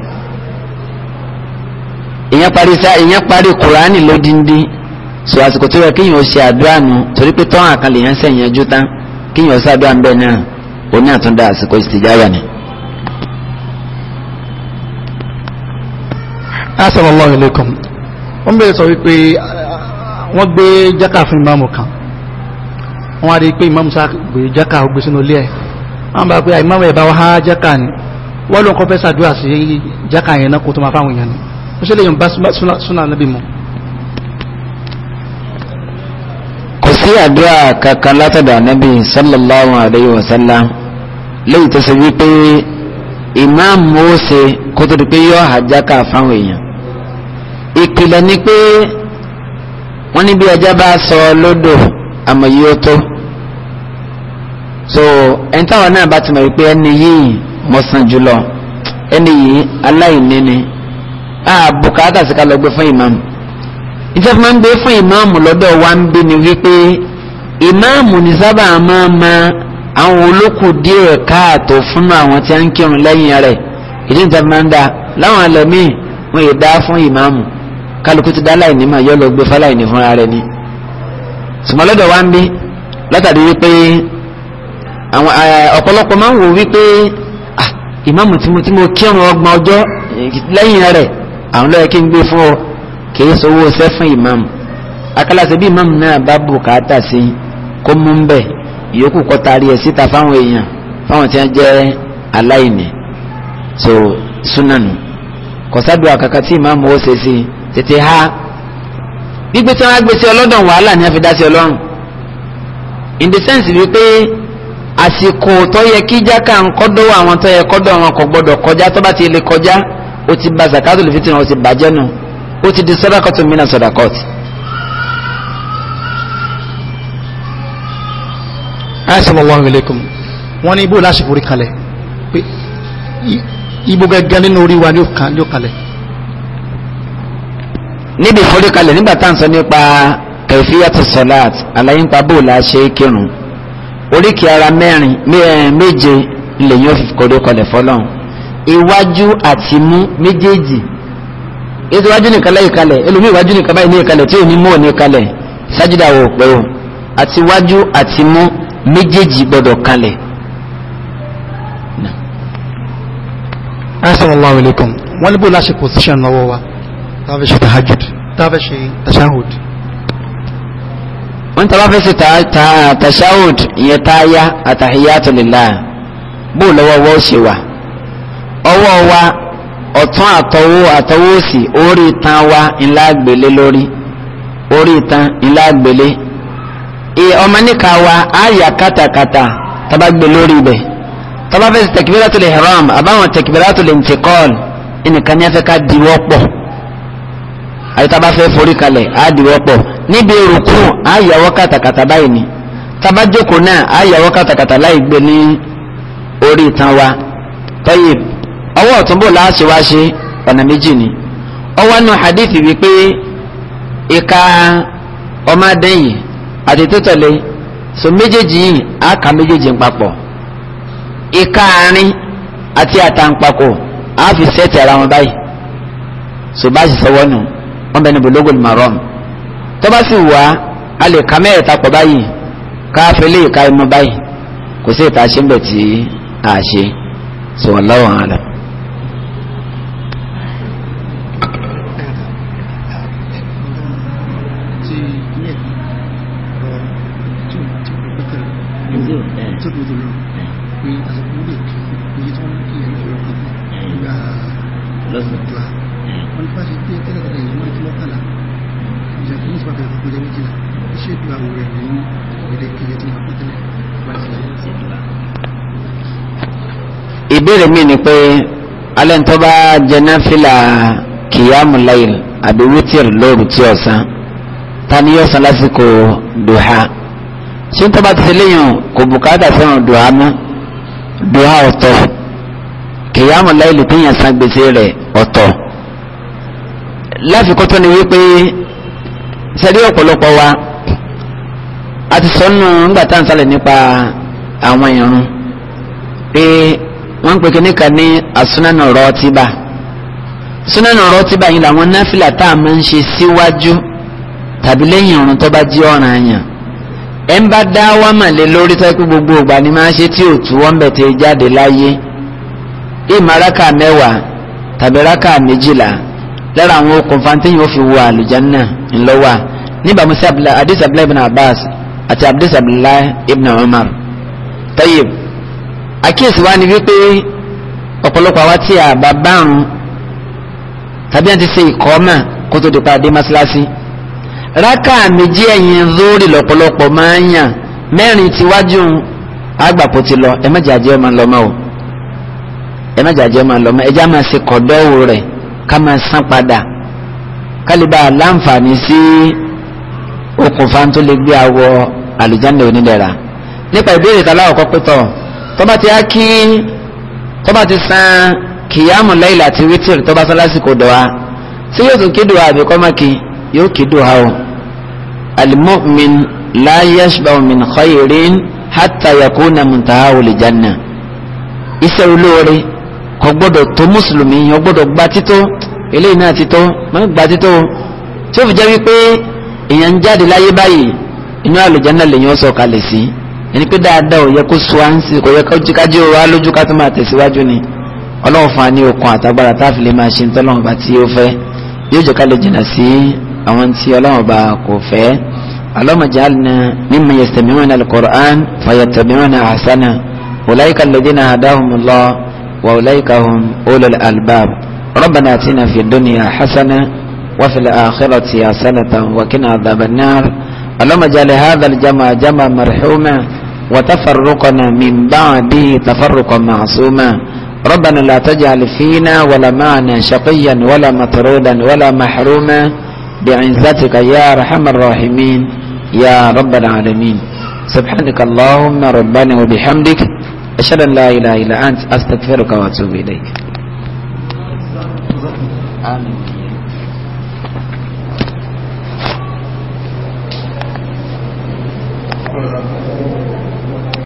ìyẹn parí sá ìyẹn parí kùránì lódìndín so àsìkò tó yẹ kéèyàn ó ṣe àdúrà nù torí pé tọ́hàn kan lè yẹn sẹ̀yìn ẹjú tán kéèyàn ó sàbẹ̀ àmbẹ̀ náà ó ní àtúndà àsìkò ìsìtìjáàbà ni. Assalamu alaikum wọ́n bẹ̀rẹ̀ sọ wípé wọ́n gbé jákà fún ìmáàmù kan wọ́n wá rí pé ìmáàmù sá gbé jákà ó gbé sínú ilé ẹ̀ wọ́n bá pé ìmáàmù ẹ̀ bá wá há jákà ni wọ́n ló ń kọ́ fẹ́ sàdúrà sí jákà yẹn náà kó tó máa fáwọn èèyàn ni ó ṣe lè yàn bá súnà níbi mu. kò sí àdúrà kankan látọ̀dọ̀ ànábì sallallahu alayhi wa sallam léyìí tó ṣe wípé ìmáàmù ó ṣe kó tó di pé yọ àjákà fáwọn èèyàn ìkìlọ̀ ni pé wọ́n ní bí ẹja bá sọ lódò àmọ́ ó tó so ẹni táwọn náà bá ti mọ̀ wípé ẹni yìí mo san jùlọ ẹni yìí aláìní ni a bùkátà sí ká lọ gbé fún ìmáàmù ìfẹ́ fún máa ń gbé fún ìmáàmù lọ́dọ̀ wa ń bí ni wípé ìmáàmù ní sábà máa ma àwọn olókù díẹ̀ káàtó fún àwọn tí a ń kírun lẹ́yìn rẹ̀ ìdí níta máa ń da láwọn alẹ́ míì wọ́n yìí dá fún ìmáàmù kálukú ti dá láìní mà yọ lọ gbé fáláìní fúnra rẹ̀ ni ṣùgbọ́n lọ́dọ̀ wa ń bí látàrí wípé àwọn ọ̀pọ̀lọpọ̀ máa ń wò wípé ìmáàmù tí mo tí mo kírun ọgbọ̀n ọjọ́ lẹ́yìn rẹ̀ àwọn lọ́yẹ kí n gbé fún ọ kìí sọwọ́ ṣẹ́ fún ìmáàmù akálàṣe bí ìmáàmù náà bá bùkátà sí kó mú ń bẹ̀ ìyókù kọ́ taari ẹ̀ síta fáwọn èèyàn fáwọn tí wọ́n jẹ́ aláìní so súnànù kọ̀sádùn àkàkà tí ìmáàmù ó ṣe sí i tètè ha gbígbé tí wọ́n á gbèsè ọlọ́dọ̀ wàhálà ni a fi dá ọlọ́run in the sense wípé àsìkò tó yẹ kí jákà ń kọ́dọ̀ àwọn tó yẹ kọ́dọ̀ àwọn kò gbọ́dọ̀ kọjá tó bá ti lè kọjá ó ti ba zakatul fitr ó ti bàjẹ́ nù ó ti di sọ́dọ̀kọ́tù mìíràn sọ́dọ̀kọ́tù. assalamu alaikum wọ́n ní ibò láṣìkò orí kalẹ̀ pé ibò gẹ́gẹ́ nínú orí wa ni ó kalẹ̀ níbi ìforíkalẹ̀ nígbà tá à ń sọ nípa kẹfíyàtì sọláàt àlàyé nípa bó la ṣe é kírun oríkì ara mẹ́rin méje lèyìn òfin koríkalẹ̀ fọlọ́n iwájú àti mú méjèèjì ètò iwájú nìkan lẹ́yìn kalẹ̀ ẹlòmíì iwájú nìkan báyìí ní ìkalẹ̀ tí ò mú òní kalẹ̀ sájídà wò pé o àti iwájú àti mú méjèèjì gbọdọ̀ kalẹ̀. assalamu alaikum wọ́n ní bó la ṣe position wa táfẹ́ ṣe tahajud táfẹ́ ṣe tashahud wọ́n tàbá fẹ́ ṣe tashahud ìyẹn táyá àtàhíyàtò lillah bó lọ́wọ́ wọ́n ṣe wà ọwọ́ wa ọ̀tún àtọwọ́ àtọwọ́ òsì orí itan wa ńlá gbélé lórí orí itan ńlá gbélé ọmọ níka wa àyà kátàkátà tàbá gbé lórí ibẹ̀ tàbá fẹ́ ṣe takbiratul ihram àbáwọn takbiratul intiqal ẹnìkan ní afẹ́ká diwọ́ pọ̀ àti tá a bá fẹ́ forí kalẹ̀ á dìwọ́ pọ̀ níbi rúkú á yàwọ́ kàtàkàtà báyìí ni tá a bá náà á yàwọ́ láì gbé ní orí ìtàn wa tọ́yì ọwọ́ ọ̀túnbò láàṣẹ ọ̀nà méjì ni ọwọ́ nu hadithi wípé ìka ọmọdéyìn àti títọ̀lé so méjèèjì yìí á kà méjèèjì papọ̀ ìka àárín àti àtàǹpàkò á fi sẹ́ẹ̀tì ara wọn báyìí so bá sọ wọ́n nù wọ́n bẹ ní bulugul maram tó bá sì wá a lè ka mẹ́ẹ̀ta pọ̀ báyìí ká fẹ́lẹ́ ìka ẹmu báyìí kò sí ìta ṣe ń bẹ̀ tí a ṣe sọ̀rọ̀ lọ́wọ́ àlọ́. ìbéèrè mi ni pé alẹ́ tó bá jẹ náfìlà kìyàmù láyl àbí wítìrì lóru tí ọ̀sán ta ni yóò san lásìkò dùhà ṣé tó bá ti ṣe léyìn kò bùkátà sẹ́wọ̀n dùhà mọ́ dùhà ọ̀tọ̀ kìyàmù láyl téèyàn san gbèsè rẹ̀ ọ̀tọ̀ láfikún tó ni wípé sẹ́dí ọ̀pọ̀lọpọ̀ wa a ti sọ́nù ńgbà tá à ń sálẹ̀ nípa àwọn ìrun pé wọ́n ń pè kíní kan ní asúnánù rọ́tíbà súnánù rọ́tíbà yìí làwọn náfìlà tá a máa ń ṣe síwájú tàbí lẹ́yìn ọ̀run tó bá jí ọ̀ràn àyàn ẹ̀ ń bá dá wámà lé lórí tó pé gbogbo ìgbà ni máa ṣe tí ò tú wọ́n bẹ̀ tẹ̀ jáde láyé ìmáraka mẹ́wàá tàbí raka méjìlá lára àwọn okùnfà téèyàn ó fi wọ àlùjánná ńlọ́wà níbàámu sí adisa ibn abbas àti adisa ibn umar tayyib àkíyèsí wa ni wípé ọ̀pọ̀lọpọ̀ àwa tí a bá bárun tàbí àti ṣe ìkọ́mà kó tó di pàdé mọ́ṣáláṣí rákà méjì ẹ̀yìn lórí lọ́pọ̀lọpọ̀ máa ń yàn mẹ́rin tíwájú àgbàpọ̀ ti lọ ẹ mẹ́jọ àjẹ́ máa ń lọ mọ́ o ẹ mẹ́jọ àjẹ́ máa ń lọ mọ́ ẹ já máa ṣe kọ̀dọ́wò rẹ̀ ká máa san padà kálíbà láǹfààní sí okùnfà tó lè gbé àwọ àlùjáde onídẹ̀ra nípa ìbéèrè tàlá ọ̀kọ́ tọ́ba ti á kí tọ́ba ti san kìyàmù láìlà àti wítìrì tọ́ba san lásìkò dọ̀wà tí yóò tún kídùn àbí kọ́mọ́kì yóò kídùn ha o al-mu'min la yashba'u min khayrin hatta yakuna muntahahu li janna iṣẹ́ olóore kò gbọ́dọ̀ tó mùsùlùmí yẹn gbọ́dọ̀ gba tító eléyìí náà tító má gba tító tí ó fi jẹ́ wípé èèyàn ń jáde láyé báyìí inú àlùjánnà lèyàn sọ̀kalẹ̀ sí. Si ẹni pé dáadáa ò yẹ kó so à ń sè kò yẹ kó jí kájí òru alójú ká tó máa tẹ̀síwájú ni ọlọ́run fún wa ní okun àtàgbára tá lè máa ṣe ntọ́lọ́run bá tí ó fẹ́ yóò jẹ́ ká lè jìnnà sí àwọn tí ọlọ́run bá kò fẹ́ alọ́mọ jàlínà mímọ yẹsẹ̀míwọ̀n alukur'an fàyẹtẹ̀míwọ̀n àṣánà wòláyìíká lẹ́dínà àdáhùnmùlọ wòláyìíká hùn ulul albab ربنا اتنا في الدنيا حسنه وفي الآخرة حسنة وقنا عذاب النار اللهم اجعل هذا الجمع جمع مرحوما وتفرقنا من بعده تفرقا معصوما ربنا لا تجعل فينا ولا معنا شقيا ولا مطرودا ولا محروما بعزتك يا ارحم الراحمين يا رب العالمين سبحانك اللهم ربنا وبحمدك أشهد أن لا إله إلا أنت أستغفرك وأتوب إليك آمين